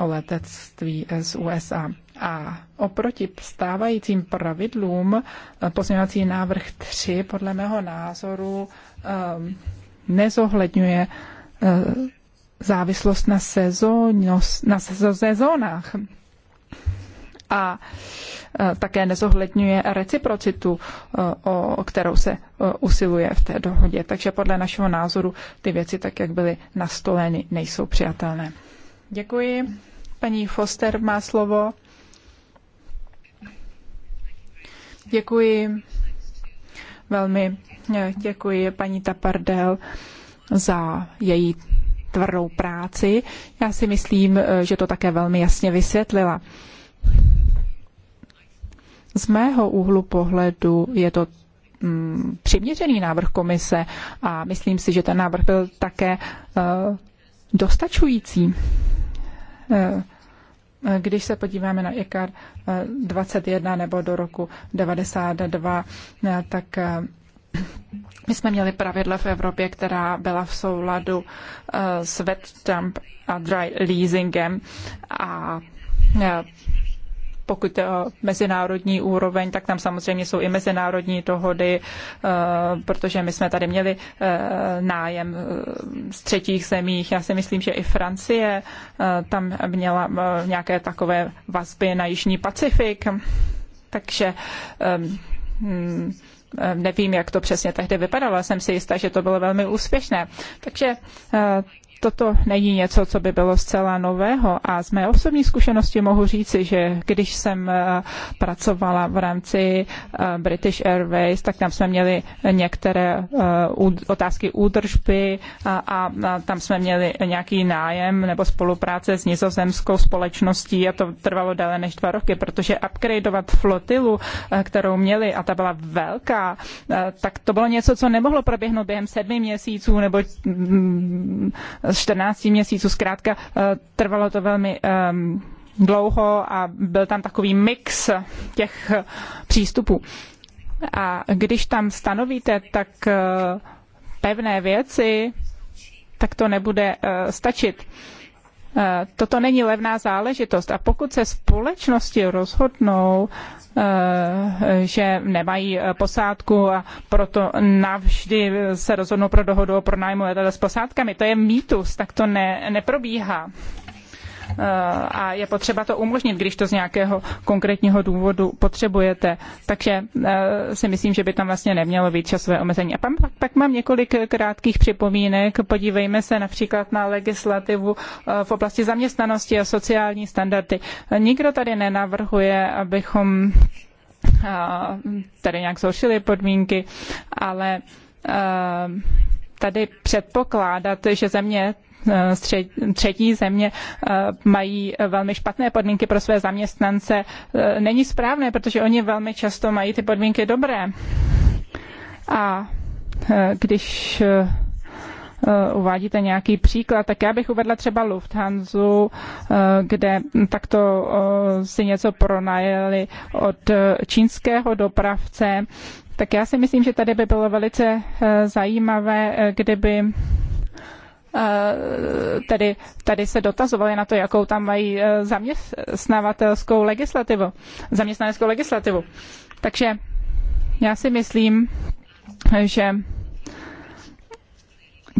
o letectví eh, z USA. A oproti stávajícím pravidlům pozměňovací návrh 3 podle mého názoru nezohledňuje Eh, závislost na, na sezónách a eh, také nezohledňuje reciprocitu, eh, o kterou se usiluje v té dohodě. Takže podle našeho názoru ty věci, tak jak byly nastoleny, nejsou přijatelné. Děkuji. Paní Foster má slovo. Děkuji. Velmi děkuji paní Tapardel za její tvrdou práci. Já si myslím, eh, že to také velmi jasně vysvětlila. Z mého úhlu pohledu je to mm, přiměřený návrh komise a myslím si, že ten návrh byl také eh, dostačující. Eh, když se podíváme na IKAR 21 nebo do roku 92, tak my jsme měli pravidla v Evropě, která byla v souladu eh, s wet dump a dry leasingem a eh, pokud je eh, mezinárodní úroveň, tak tam samozřejmě jsou i mezinárodní dohody, protože my jsme tady měli nájem z třetích zemích. Já si myslím, že i Francie tam měla nějaké takové vazby na Jižní Pacifik. Takže Hmm, nevím, jak to přesně tehdy vypadalo, jsem si jistá, že to bylo velmi úspěšné. Takže eh, toto není něco, co by bylo zcela nového a z mé osobní zkušenosti mohu říci, že když jsem eh, pracovala v rámci eh, British Airways, tak tam jsme měli některé eh, otázky údržby a, tam jsme měli nějaký nájem nebo spolupráce s nizozemskou společností a to trvalo déle než dva roky, protože upgradeovat flotilu, kterou měli a ta byla velká, tak to bylo něco, co nemohlo proběhnout během sedmi měsíců nebo mm, z 14 měsíců. Zkrátka eh, trvalo to velmi ehm, dlouho a byl tam takový mix těch eh, přístupů. A když tam stanovíte tak eh, pevné věci, tak to nebude stačit. Eh, toto není levná záležitost a pokud se společnosti rozhodnou, eh, že nemají eh, posádku a proto navždy se rozhodnou pro dohodu o pronájmu letadla s posádkami, to je mýtus, tak to ne, neprobíhá a je potřeba to umožnit, když to z nějakého konkrétního důvodu potřebujete. Takže eh, si myslím, že by tam vlastně nemělo být časové omezení. A pak, pak mám několik krátkých připomínek. Podívejme se například na legislativu eh, v oblasti zaměstnanosti a sociální standardy. Nikdo tady nenavrhuje, abychom eh, tady nějak zhoršili podmínky, ale tady předpokládat, že země Eh, třetí země eh, mají velmi špatné podmínky pro své zaměstnance, eh, není správné, protože oni velmi často mají ty podmínky dobré. A když uvádíte nějaký příklad, tak já bych uvedla třeba Lufthansa, kde takto si něco pronajeli od čínského dopravce. Tak já si myslím, že tady by bylo velice zajímavé, kdyby Eh, tedy tady se dotazovali na to, jakou tam mají eh, zaměstnavatelskou legislativu, zaměstnaneckou legislativu. Takže já si myslím, že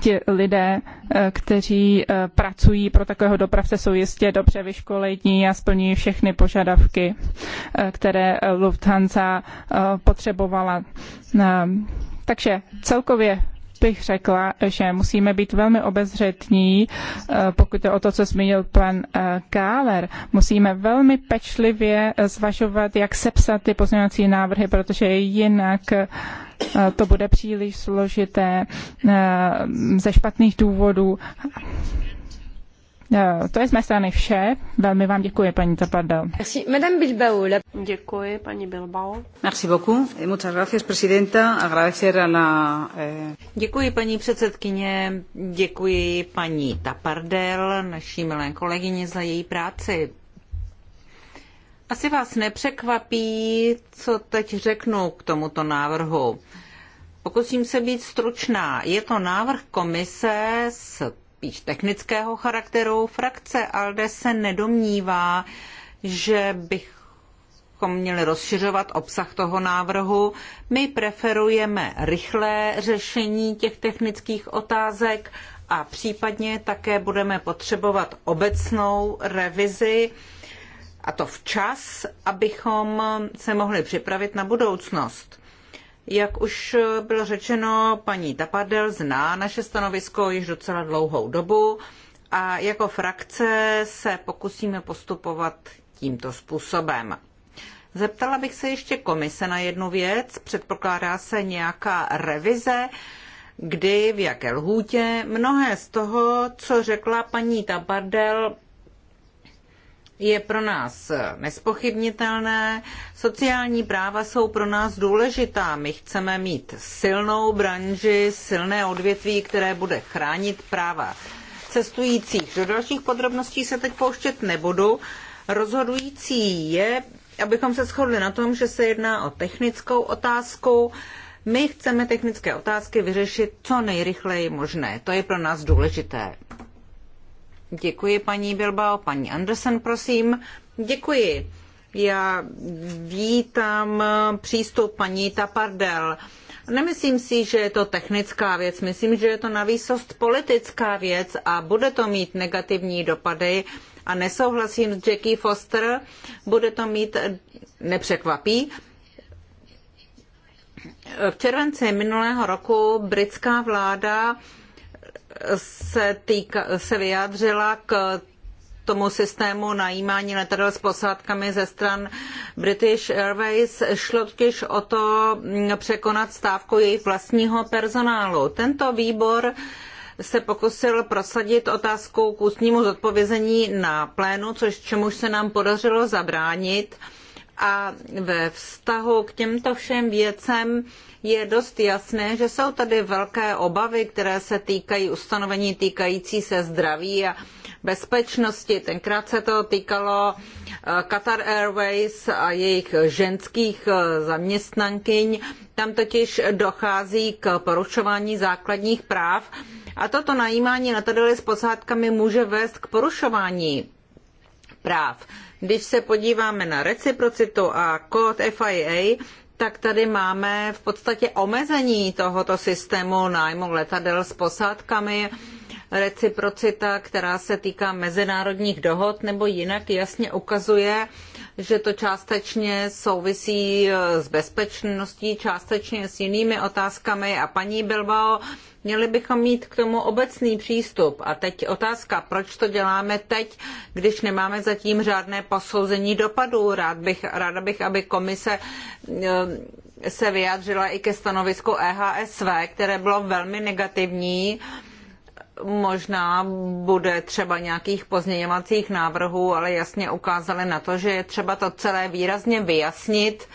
ti lidé, eh, kteří pracují pro takového dopravce, jsou jistě dobře vyškolení a splní všechny požadavky, které Lufthansa potřebovala. Takže celkově bych řekla, že musíme být velmi obezřetní, eh, pokud je o to, co zmínil pan Káler. Eh, musíme velmi pečlivě eh, zvažovat, jak sepsat ty pozměňovací návrhy, protože jinak to bude příliš složité ze špatných důvodů. Eh, to je z mé strany vše. Velmi vám děkuji, paní Tapadel. Madame Bilbao. Děkuji, paní Bilbao. Merci beaucoup. Eh, muchas gracias, presidenta. Agradecer a la... Eh, děkuji, paní předsedkyně. Děkuji paní Tapardel, naší milé kolegyně, za její práci. Asi vás nepřekvapí, co teď řeknu k tomuto návrhu. Pokusím se být stručná. Je to návrh komise s spíš technického charakteru. Frakce ALDE se nedomnívá, že bychom měli rozšiřovat obsah toho návrhu. My preferujeme rychlé řešení těch technických otázek a případně také budeme potřebovat obecnou revizi a to včas, abychom se mohli připravit na budoucnost. Jak už bylo řečeno, paní Tapadel zná naše stanovisko již docela dlouhou dobu a jako frakce se pokusíme postupovat tímto způsobem. Zeptala bych se ještě komise na jednu věc. Předpokládá se nějaká revize, kdy, v jaké lhůtě. Mnohé z toho, co řekla paní Tabardel, je pro nás nespochybnitelné. Sociální práva jsou pro nás důležitá. My chceme mít silnou branži, silné odvětví, které bude chránit práva cestujících. Do dalších podrobností se teď pouštět nebudu. Rozhodující je, abychom se shodli na tom, že se jedná o technickou otázku. My chceme technické otázky vyřešit co nejrychleji možné. To je pro nás důležité. Děkuji paní Bilbao, paní Andersen, prosím. Děkuji. Já vítám přístup paní Tapardel. Nemyslím si, že je to technická věc, myslím, že je to navýsost politická věc a bude to mít negativní dopady a nesouhlasím s Jackie Foster, bude to mít, nepřekvapí, v červenci minulého roku britská vláda se, týka, se vyjádřila k tomu systému najímání letadel s posádkami ze stran British Airways šlo totiž o to mm, překonat stávku jejich vlastního personálu. Tento výbor se pokusil prosadit otázku k ústnímu zodpovězení na plénu, což čemuž se nám podařilo zabránit. A ve vztahu k těmto všem věcem je dost jasné, že jsou tady velké obavy, které se týkají ustanovení týkající se zdraví a bezpečnosti. Tenkrát se to týkalo eh, Qatar Airways a jejich ženských eh, zaměstnankyň. Tam totiž dochází k porušování základních práv a toto najímání na tady s posádkami může vést k porušování práv. Když se podíváme na reciprocitu a kód FIA, tak tady máme v podstatě omezení tohoto systému nájmu letadel s posádkami, reciprocita, která se týká mezinárodních dohod, nebo jinak jasně ukazuje, že to částečně souvisí e, s bezpečností, částečně s jinými otázkami. A paní Bilbao, Měli bychom mít k tomu obecný přístup. A teď otázka, proč to děláme teď, když nemáme zatím žádné posouzení dopadů. Rád bych, ráda bych, aby komise eh, se vyjádřila i ke stanovisku EHSV, které bylo velmi negativní možná bude třeba nějakých pozměňovacích návrhů, ale jasně ukázaly na to, že je třeba to celé výrazně vyjasnit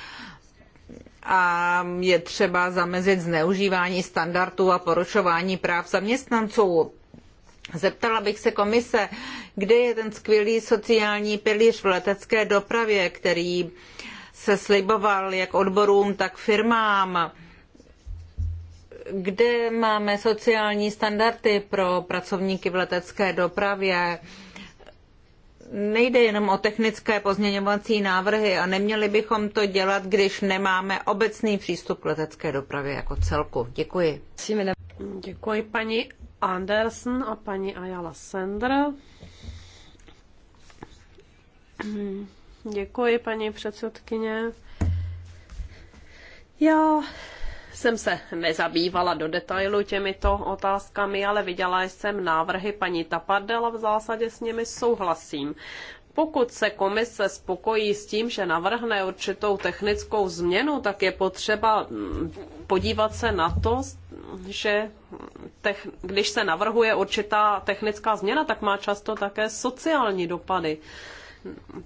a je třeba zamezit zneužívání standardů a porušování práv zaměstnanců. Zeptala bych se komise, kde je ten skvělý sociální pilíř v letecké dopravě, který se sliboval jak odborům, tak firmám. Kde máme sociální standardy pro pracovníky v letecké dopravě? nejde jenom o technické pozměňovací návrhy a neměli bychom to dělat, když nemáme obecný přístup k letecké dopravě jako celku. Děkuji. Děkuji paní Anderson a paní Ayala Sender. Děkuji, paní předsedkyně. Já jsem se nezabývala do detailu těmito otázkami, ale viděla jsem návrhy paní Tapadela v zásadě s nimi souhlasím. Pokud se komise spokojí s tím, že navrhne určitou technickou změnu, tak je potřeba mm, podívat se na to, že když se navrhuje určitá technická změna, tak má často také sociální dopady. Uh,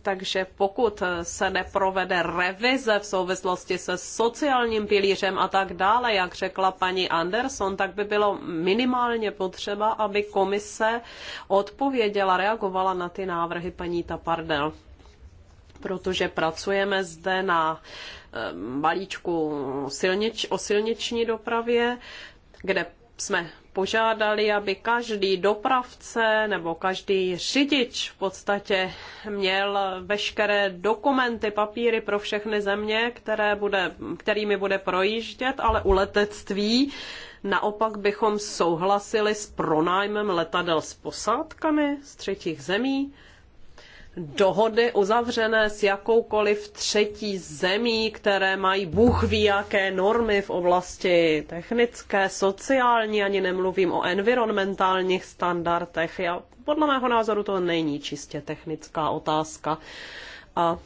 takže pokud se neprovede revize v souvislosti se sociálním pilířem a tak dále, jak řekla paní Anderson, tak by bylo minimálně potřeba, aby komise odpověděla, reagovala na ty návrhy paní Tapardel. Protože pracujeme zde na eh, balíčku silnič, o silniční dopravě, kde jsme požádali, aby každý dopravce nebo každý řidič v podstatě měl veškeré dokumenty, papíry pro všechny země, které bude, kterými bude projíždět, ale u letectví naopak bychom souhlasili s pronájmem letadel s posádkami z třetích zemí dohody uzavřené s jakoukoliv třetí zemí, které mají Bůh ví jaké normy v oblasti technické, sociální, ani nemluvím o environmentálních standardech. Já, podle mého názoru to není čistě technická otázka. A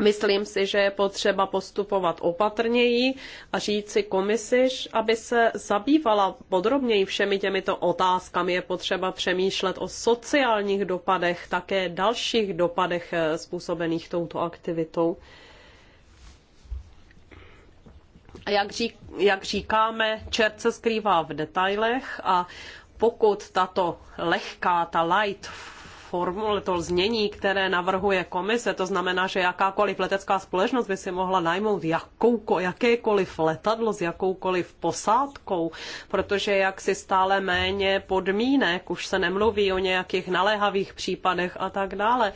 Myslím si, že je potřeba postupovat opatrněji a říct si komisi, aby se zabývala podrobněji všemi těmito otázkami. Je potřeba přemýšlet o sociálních dopadech, také dalších dopadech eh, způsobených touto aktivitou. jak, řík, jak říkáme, čert se skrývá v detailech a pokud tato lehká, ta light formule, to znění, které navrhuje komise, to znamená, že jakákoliv letecká společnost by si mohla najmout jakou, jakékoliv letadlo s jakoukoliv posádkou, protože jak si stále méně podmínek, už se nemluví o nějakých naléhavých případech a tak dále.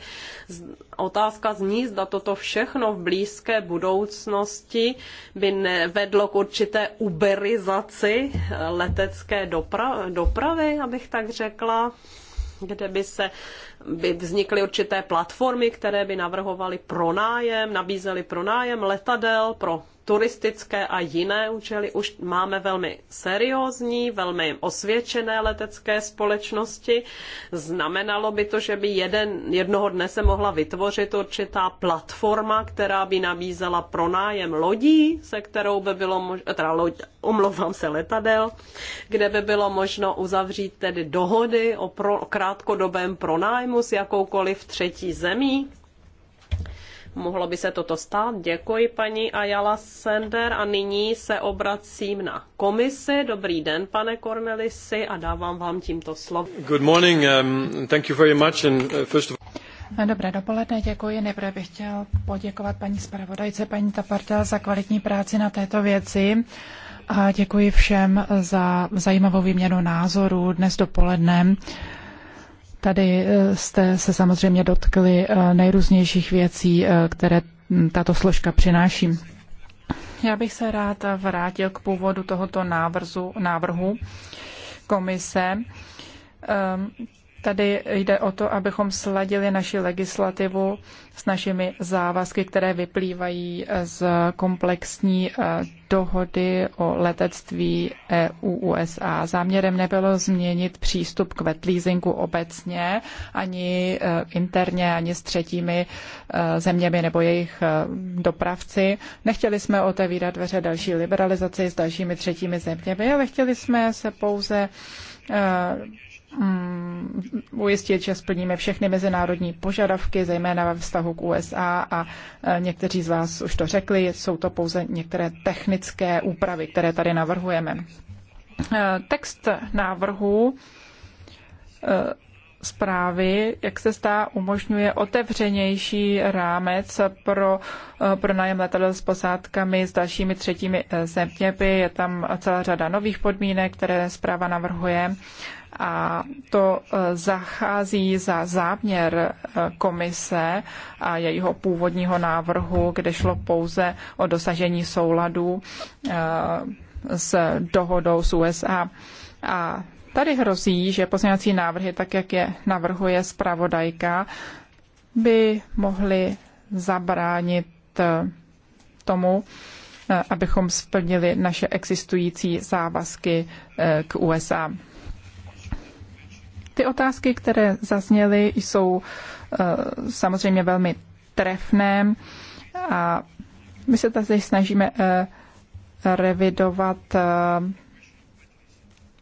Otázka zní, zda toto všechno v blízké budoucnosti by nevedlo k určité uberizaci letecké dopra- dopravy, abych tak řekla kde by se by vznikly určité platformy, které by navrhovaly pronájem, nabízely pronájem letadel pro turistické a jiné účely. Už máme velmi seriózní, velmi osvědčené letecké společnosti. Znamenalo by to, že by jeden, jednoho dne se mohla vytvořit určitá platforma, která by nabízela pronájem lodí, se kterou by bylo možno, teda loď, umlouvám (laughs) se, letadel, kde by bylo možno uzavřít tedy dohody o, pro, o krátkodobém pronájmu s jakoukoliv třetí zemí, Mohlo by se toto stát. Děkuji paní Ayala Sender a nyní se obracím na komisi. Dobrý den, pane Cornelisi, a dávám vám tímto slovo. Good morning, um, thank you very much and uh, first of eh, Dobré dopoledne, děkuji. Nejprve bych chtěl poděkovat paní zpravodajce, paní Tapartel, za kvalitní práci na této věci. A děkuji všem za zajímavou výměnu názorů dnes dopoledne. Tady eh, jste se samozřejmě dotkli eh, nejrůznějších věcí, eh, které tato složka přináší. Já bych se rád vrátil k původu tohoto návrzu, návrhu komise. Ehm, Tady jde o to, abychom sladili naši legislativu s našimi závazky, které vyplývají eh, z komplexní eh, dohody o letectví EU-USA. Záměrem nebylo změnit přístup k vetleasingu obecně, ani eh, interně, ani s třetími zeměmi nebo jejich dopravci. Nechtěli jsme otevírat dveře další liberalizaci s dalšími třetími zeměmi, ale chtěli jsme se pouze Mm, ujistit, že splníme všechny mezinárodní požadavky, zejména ve vztahu k USA a e, někteří z vás už to řekli, jsou to pouze některé technické úpravy, které tady navrhujeme. E, text návrhu e, zprávy, jak se stá, umožňuje otevřenější rámec pro, pro nájem letadel s posádkami s dalšími třetími zeměmi. Je tam celá řada nových podmínek, které zpráva navrhuje a to eh, zachází za záměr eh, komise a jejího původního návrhu, kde šlo pouze o dosažení souladu eh, s dohodou s USA. A tady hrozí, že pozměňovací návrhy, tak jak je navrhuje zpravodajka, by mohly zabránit tomu, abychom splnili naše existující závazky k USA. Ty otázky, které zazněly, jsou eh, samozřejmě velmi trefné a my se tady snažíme eh, revidovat eh,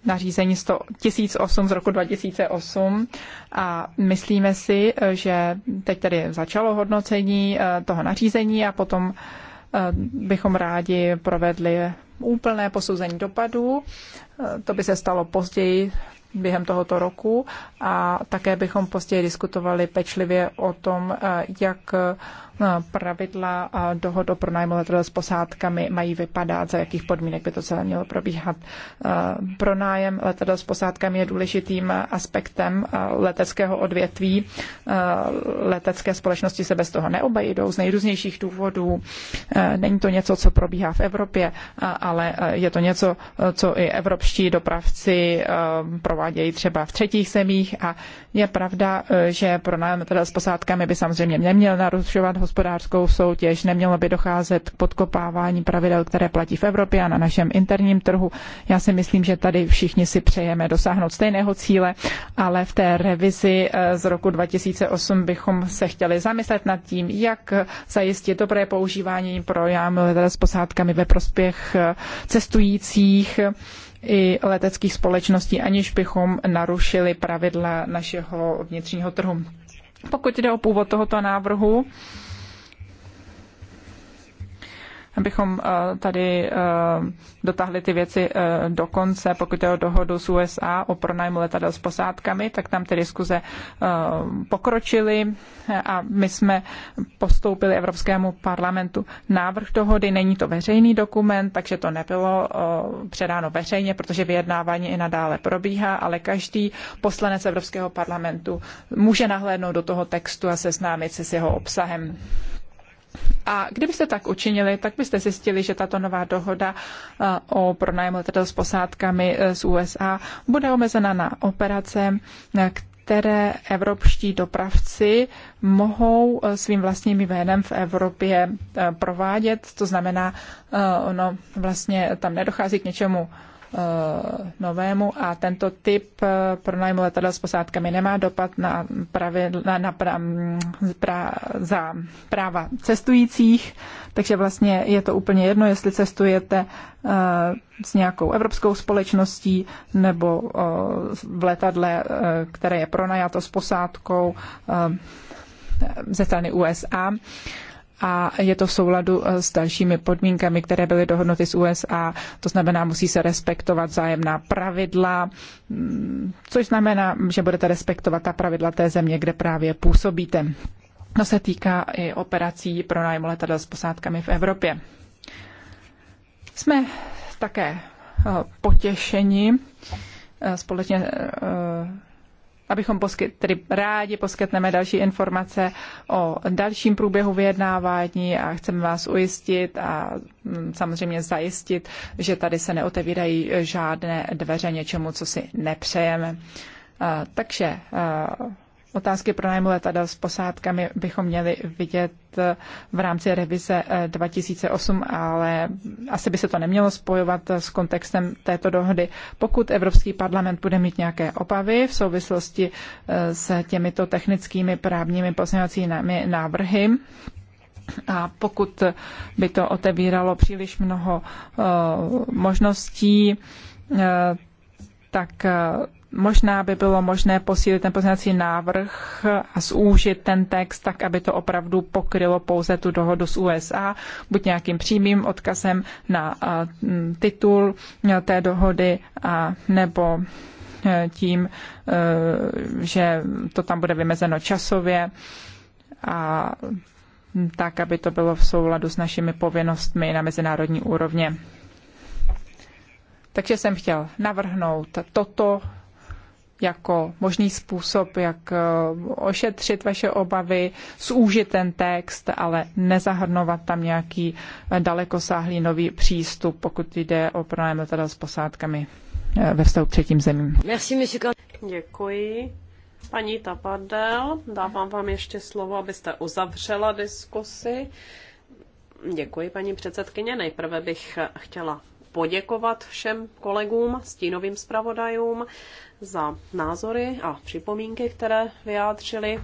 nařízení 100, 1008 z roku 2008 a myslíme si, že teď tady začalo hodnocení toho nařízení a potom bychom rádi provedli úplné posouzení dopadů. To by se stalo později během tohoto roku a také bychom později diskutovali pečlivě o tom, eh, jak pravidla a dohod o pronájmu s posádkami mají vypadat, za jakých podmínek by to celé mělo probíhat. Pronájem letadel s posádkami je důležitým aspektem leteckého odvětví. Letecké společnosti se bez toho neobejdou z nejrůznějších důvodů. Není to něco, co probíhá v Evropě, ale je to něco, co i evropští dopravci provádějí třeba v třetích zemích a je pravda, že pronájem letadel s posádkami by samozřejmě neměl narušovat hospodářskou soutěž, nemělo by docházet k podkopávání pravidel, které platí v Evropě a na našem interním trhu. Já si myslím, že tady všichni si přejeme dosáhnout stejného cíle, ale v té revizi eh, z roku 2008 bychom se chtěli zamyslet nad tím, jak zajistit dobré používání pro jámy s posádkami ve prospěch eh, cestujících i leteckých společností, aniž bychom narušili pravidla našeho vnitřního trhu. Pokud jde o původ tohoto návrhu, abychom eh, tady eh, dotáhli ty věci eh, do konce. Pokud je o dohodu s USA o pronájmu letadel s posádkami, tak tam ty diskuze pokročily a my jsme postoupili Evropskému parlamentu návrh dohody. Není to veřejný dokument, takže to nebylo předáno veřejně, protože vyjednávání i nadále probíhá, ale každý poslanec Evropského parlamentu může nahlédnout do toho textu a seznámit se s jeho obsahem. A kdybyste tak učinili, tak byste zjistili, že tato nová dohoda eh, o pronájmu letadel s posádkami eh, z USA bude omezena na operace, které evropští dopravci mohou eh, svým vlastním jménem v Evropě provádět. To znamená, ono vlastně tam nedochází k něčemu Eh, novému a tento typ eh, pronájmu letadla s posádkami nemá dopad na, pravidla, na, na pra, mm, pra, za práva cestujících, takže vlastně je to úplně jedno, jestli cestujete uh, s nějakou evropskou společností nebo uh, v letadle, uh, které je pronajato s posádkou ze strany USA a je to v souladu eh, s dalšími podmínkami, které byly dohodnuty s USA. To znamená, musí se respektovat zájemná pravidla, mm, což znamená, že budete respektovat ta pravidla té země, kde právě působíte. To se týká i operací pro nájmu letadel s posádkami v Evropě. Jsme také eh, potěšeni eh, společně abychom poskyt, tedy rádi poskytneme další informace o dalším průběhu vyjednávání a chceme vás ujistit a mm, samozřejmě zajistit, že tady se neotevírají žádné dveře něčemu, co si nepřejeme. Takže Otázky pro nájmu letadel s posádkami bychom měli vidět eh, v rámci revize 2008, eh, ale asi by se to nemělo spojovat eh, s kontextem této dohody. Pokud Evropský parlament bude mít nějaké obavy v souvislosti s těmito technickými právními pozměňovacími návrhy, a pokud by to otevíralo příliš mnoho možností, tak Možná by bylo možné posílit ten poznací návrh a zúžit ten text tak, aby to opravdu pokrylo pouze tu dohodu s USA, buď nějakým přímým odkazem na titul e, té dohody, a nebo e, tím, e, že to tam bude vymezeno časově a tak, aby to bylo v souladu s našimi povinnostmi na mezinárodní úrovně. Takže jsem chtěl navrhnout toto jako možný způsob, jak eh, ošetřit vaše obavy, zúžit ten text, ale nezahrnovat tam nějaký eh, dalekosáhlý nový přístup, pokud jde o pronájem teda s posádkami eh, ve vztahu k třetím zemím. Děkuji. Paní Tapadel, dávám vám ještě slovo, abyste uzavřela diskusi. Děkuji, paní předsedkyně. Nejprve bych chtěla poděkovat všem kolegům, stínovým zpravodajům za názory a připomínky, které vyjádřili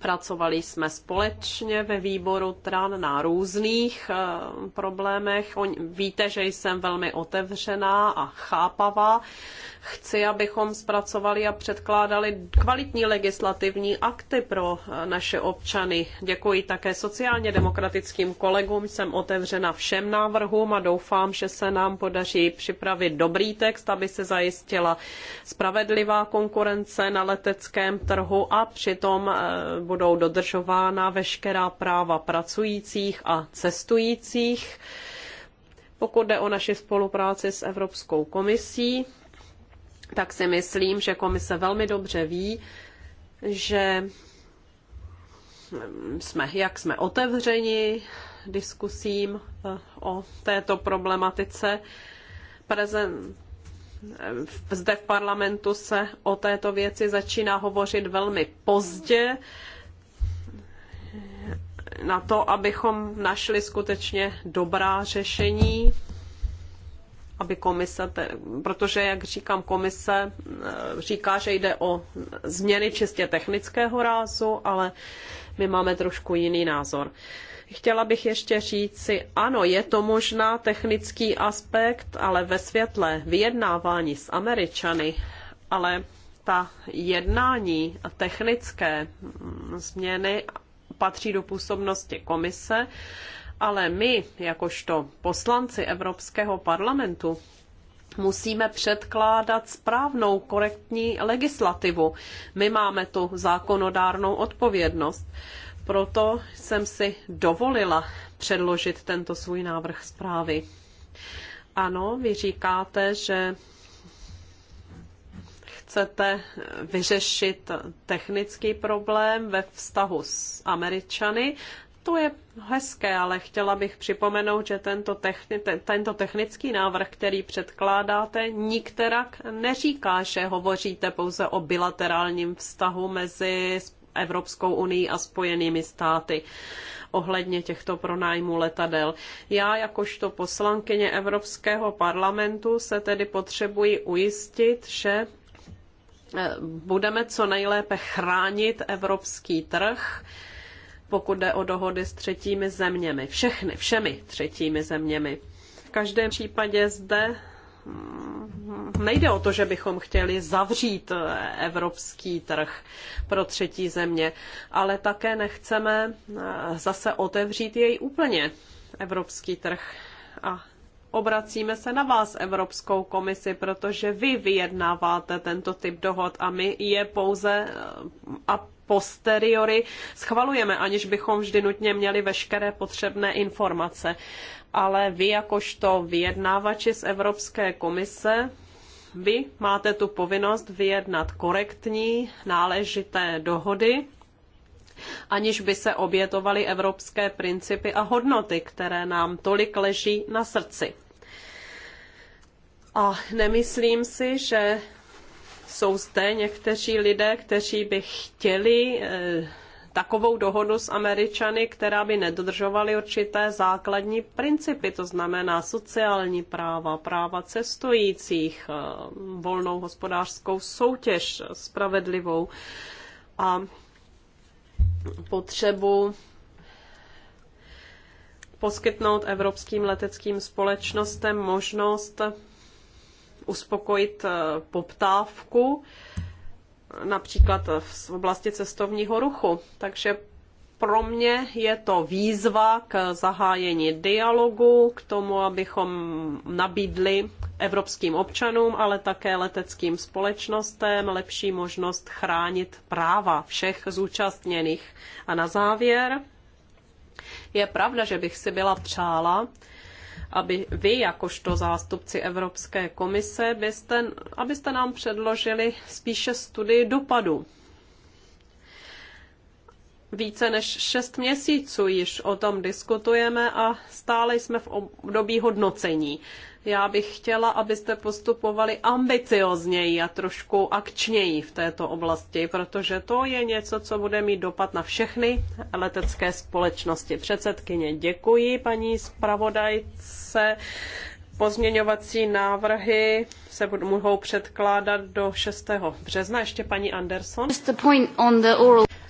Pracovali jsme společně ve výboru TRAN na různých eh, problémech. Víte, že jsem velmi otevřená a chápavá. Chci, abychom zpracovali a předkládali kvalitní legislativní akty pro eh, naše občany. Děkuji také sociálně demokratickým kolegům. Jsem otevřena všem návrhům a doufám, že se nám podaří připravit dobrý text, aby se zajistila spravedlivá konkurence na leteckém trhu a přitom eh, budou dodržována veškerá práva pracujících a cestujících. Pokud jde o naši spolupráci s Evropskou komisí, tak si myslím, že komise velmi dobře ví, že jsme, jak jsme otevřeni diskusím eh, o této problematice. Prezen, eh, zde v parlamentu se o této věci začíná hovořit velmi pozdě na to, abychom našli skutečně dobrá řešení, aby komise, protože, jak říkám, komise eh, říká, že jde o změny čistě technického rázu, ale my máme trošku jiný názor. Chtěla bych ještě říci, ano, je to možná technický aspekt, ale ve světle vyjednávání s Američany, ale ta jednání a technické mm, změny patří do působnosti komise, ale my, jakožto poslanci Evropského parlamentu, musíme předkládat správnou, korektní legislativu. My máme tu zákonodárnou odpovědnost. Proto jsem si dovolila předložit tento svůj návrh zprávy. Ano, vy říkáte, že chcete vyřešit technický problém ve vztahu s Američany. To je hezké, ale chtěla bych připomenout, že tento, techni- te- tento technický návrh, který předkládáte, nikterak neříká, že hovoříte pouze o bilaterálním vztahu mezi Evropskou unii a Spojenými státy ohledně těchto pronájmů letadel. Já jakožto poslankyně Evropského parlamentu se tedy potřebuji ujistit, že Eh, budeme co nejlépe chránit evropský trh, pokud jde o dohody s třetími zeměmi. Všechny, všemi třetími zeměmi. V každém případě zde hm, nejde o to, že bychom chtěli zavřít eh, evropský trh pro třetí země, ale také nechceme eh, zase otevřít jej úplně, evropský trh. A obracíme se na vás, Evropskou komisi, protože vy vyjednáváte tento typ dohod a my je pouze eh, a posteriori schvalujeme, aniž bychom vždy nutně měli veškeré potřebné informace. Ale vy jakožto vyjednávači z Evropské komise vy máte tu povinnost vyjednat korektní, náležité dohody aniž by se obětovaly evropské principy a hodnoty, které nám tolik leží na srdci. A nemyslím si, že jsou zde někteří lidé, kteří by chtěli eh, takovou dohodu s Američany, která by nedodržovaly určité základní principy, to znamená sociální práva, práva cestujících, eh, volnou hospodářskou soutěž, spravedlivou. A potřebu poskytnout evropským leteckým společnostem možnost uspokojit eh, poptávku, například v oblasti cestovního ruchu. Takže pro mě je to výzva k zahájení dialogu, k tomu, abychom nabídli evropským občanům, ale také leteckým společnostem lepší možnost chránit práva všech zúčastněných. A na závěr je pravda, že bych si byla přála, aby vy, jakožto zástupci Evropské komise, byste, abyste nám předložili spíše studii dopadu více než šest měsíců již o tom diskutujeme a stále jsme v období hodnocení. Já bych chtěla, abyste postupovali ambiciozněji a trošku akčněji v této oblasti, protože to je něco, co bude mít dopad na všechny letecké společnosti. Předsedkyně, děkuji paní zpravodajce Pozměňovací návrhy se mohou předkládat do 6. března. Ještě paní Anderson.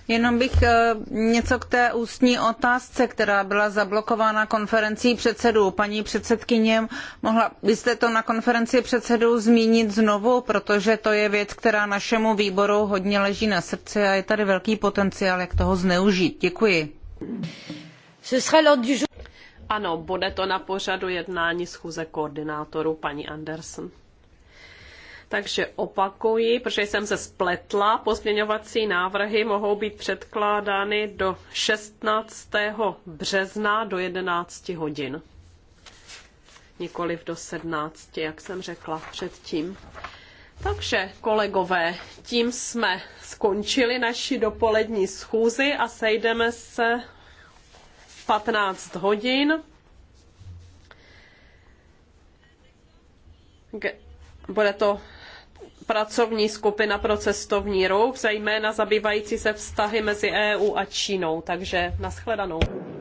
Jenom bych eh, něco k té ústní otázce, která byla zablokována konferencí předsedů. Paní předsedkyně, mohla byste to na konferenci předsedů zmínit znovu, protože to je věc, která našemu výboru hodně leží na srdci a je tady velký potenciál, jak toho zneužít. Děkuji. Ano, bude to na pořadu jednání schůze koordinátoru paní Anderson. Takže opakuji, protože jsem se spletla, pozměňovací návrhy mohou být předkládány do 16. března do 11 hodin. Nikoliv do 17, jak jsem řekla předtím. Takže, kolegové, tím jsme skončili naši dopolední schůzi a sejdeme se 15 hodin. Bude to pracovní skupina pro cestovní ruch, zejména zabývající se vztahy mezi EU a Čínou. Takže nashledanou.